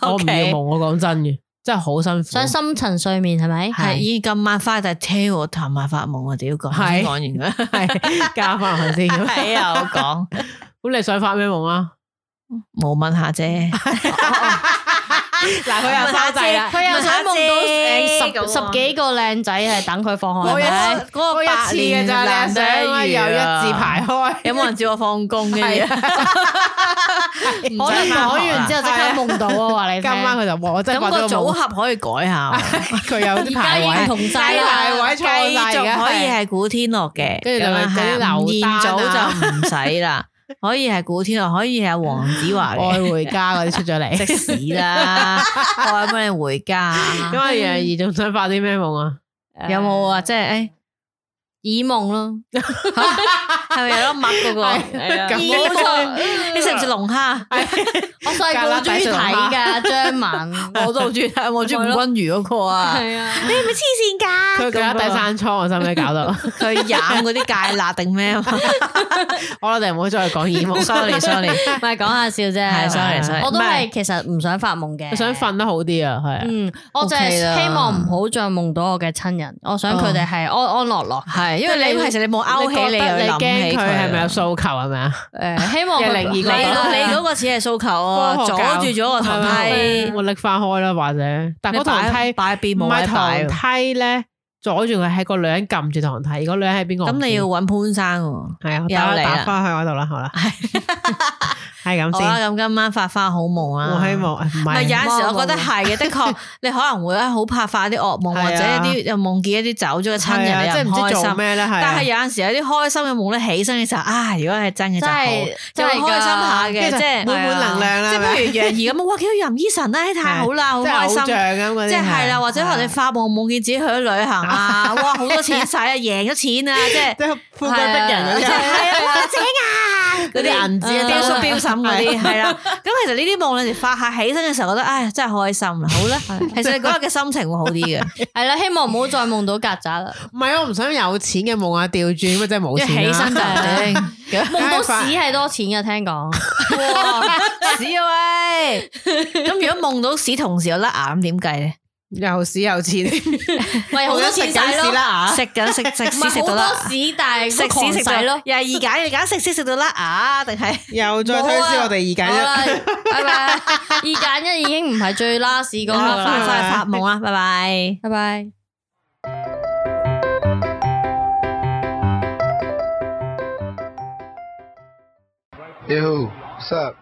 Okay，我唔要夢。我講真嘅，真係好辛苦。想深層睡眠係咪？係。咦是，咁晚是發就 tell 我，談埋發夢我屌個。係講完啦，係加發夢先。又講，咁你想發咩夢啊？冇問，問下啫。 oh, oh, oh, oh. 嗱，佢又翻正，佢又想夢到十十幾個靚仔係等佢放開，嗰日嗰個八次嘅就靚仔，由一字排開，有冇人接我放工嘅嘢？我講完之後即刻夢到我話你，今晚佢就哇，真係咁個組合可以改下，佢有啲排位同晒排位，繼續可以係古天樂嘅，跟住就係劉丹，現組就唔使啦。可以係古天樂，可以係黃子華，愛回家嗰啲出咗嚟，食 屎啦！愛你回家？咁啊、 嗯，楊怡仲想發啲咩夢啊？有冇啊？即係誒，耳、欸、夢咯。 係咪咯，墨嗰個，冇錯。你食唔食龍蝦？我細個中意睇噶張敏，我都好中意睇。我中意吳君如嗰個啊。你係咪黐線噶？佢而家第三倉，我使唔使搞得？佢飲嗰啲芥辣定咩？我哋唔好再講耳目，sorry，sorry，唔係講下笑啫。sorry，sorry，我都係其實唔想發夢嘅，我想瞓得好啲啊。係，嗯，我就係希望唔好再夢到我嘅親人，我想佢哋係安安樂樂，係，因為你其實你冇勾起你，你驚。佢係咪有訴求係咪啊？誒、哎，希望 你嗰你嗰個似係訴求啊，阻住咗個台梯，我搦翻開啦，或者、嗯、但嗰台梯，擺喺邊冇，唔係台梯咧？阻住佢係個女人撳住堂梯，如果女人喺邊個？咁你要揾潘生喎，係啊，有你啊，打翻去嗰度啦，好啦。 係咁咁，今晚發返好夢啊！好希望唔係有陣時，我覺得係嘅，的確你可能會好怕發啲噩夢，或者啲又夢見一啲走咗嘅親人，即係唔知做咩，但係有陣時有啲開心嘅夢咧，起身嘅時候啊，如果係真嘅就好，真係開心下嘅，即係滿滿能量啦。即係不如楊怡咁，哇！幾多任醫生咧，太好啦，好開心。即係偶像係，係啦，或者可能你發夢夢見自己去咗旅行啊，哇！好多錢使啊，贏咗錢啊，即係富貴逼人嗰啲。係啊！嗰啲銀紙啊，雕塑、標審嗰啲，係啦。咁其實呢啲夢你哋發下起身嘅時候，覺得唉真係好開心啦。好咧，其實你嗰日嘅心情會好啲嘅。係啦，希望唔好再夢到曱甴啦。唔係啊，我唔想有錢嘅夢啊，掉轉，咪真係冇錢啦。起身就夢到屎係多錢嘅，聽講。哇，屎啊喂，咁如果夢到屎同時又甩牙，咁點計咧？又屎又錢，喂！好多錢使咯，食緊食食屎食到甩牙，食屎食到，又係二揀一，你揀食屎食到甩牙，定係又再推銷，我哋二揀一，拜拜，二揀一已經唔係最 last 嗰個，留翻去發夢啦，拜拜，拜拜。Yo, what's up?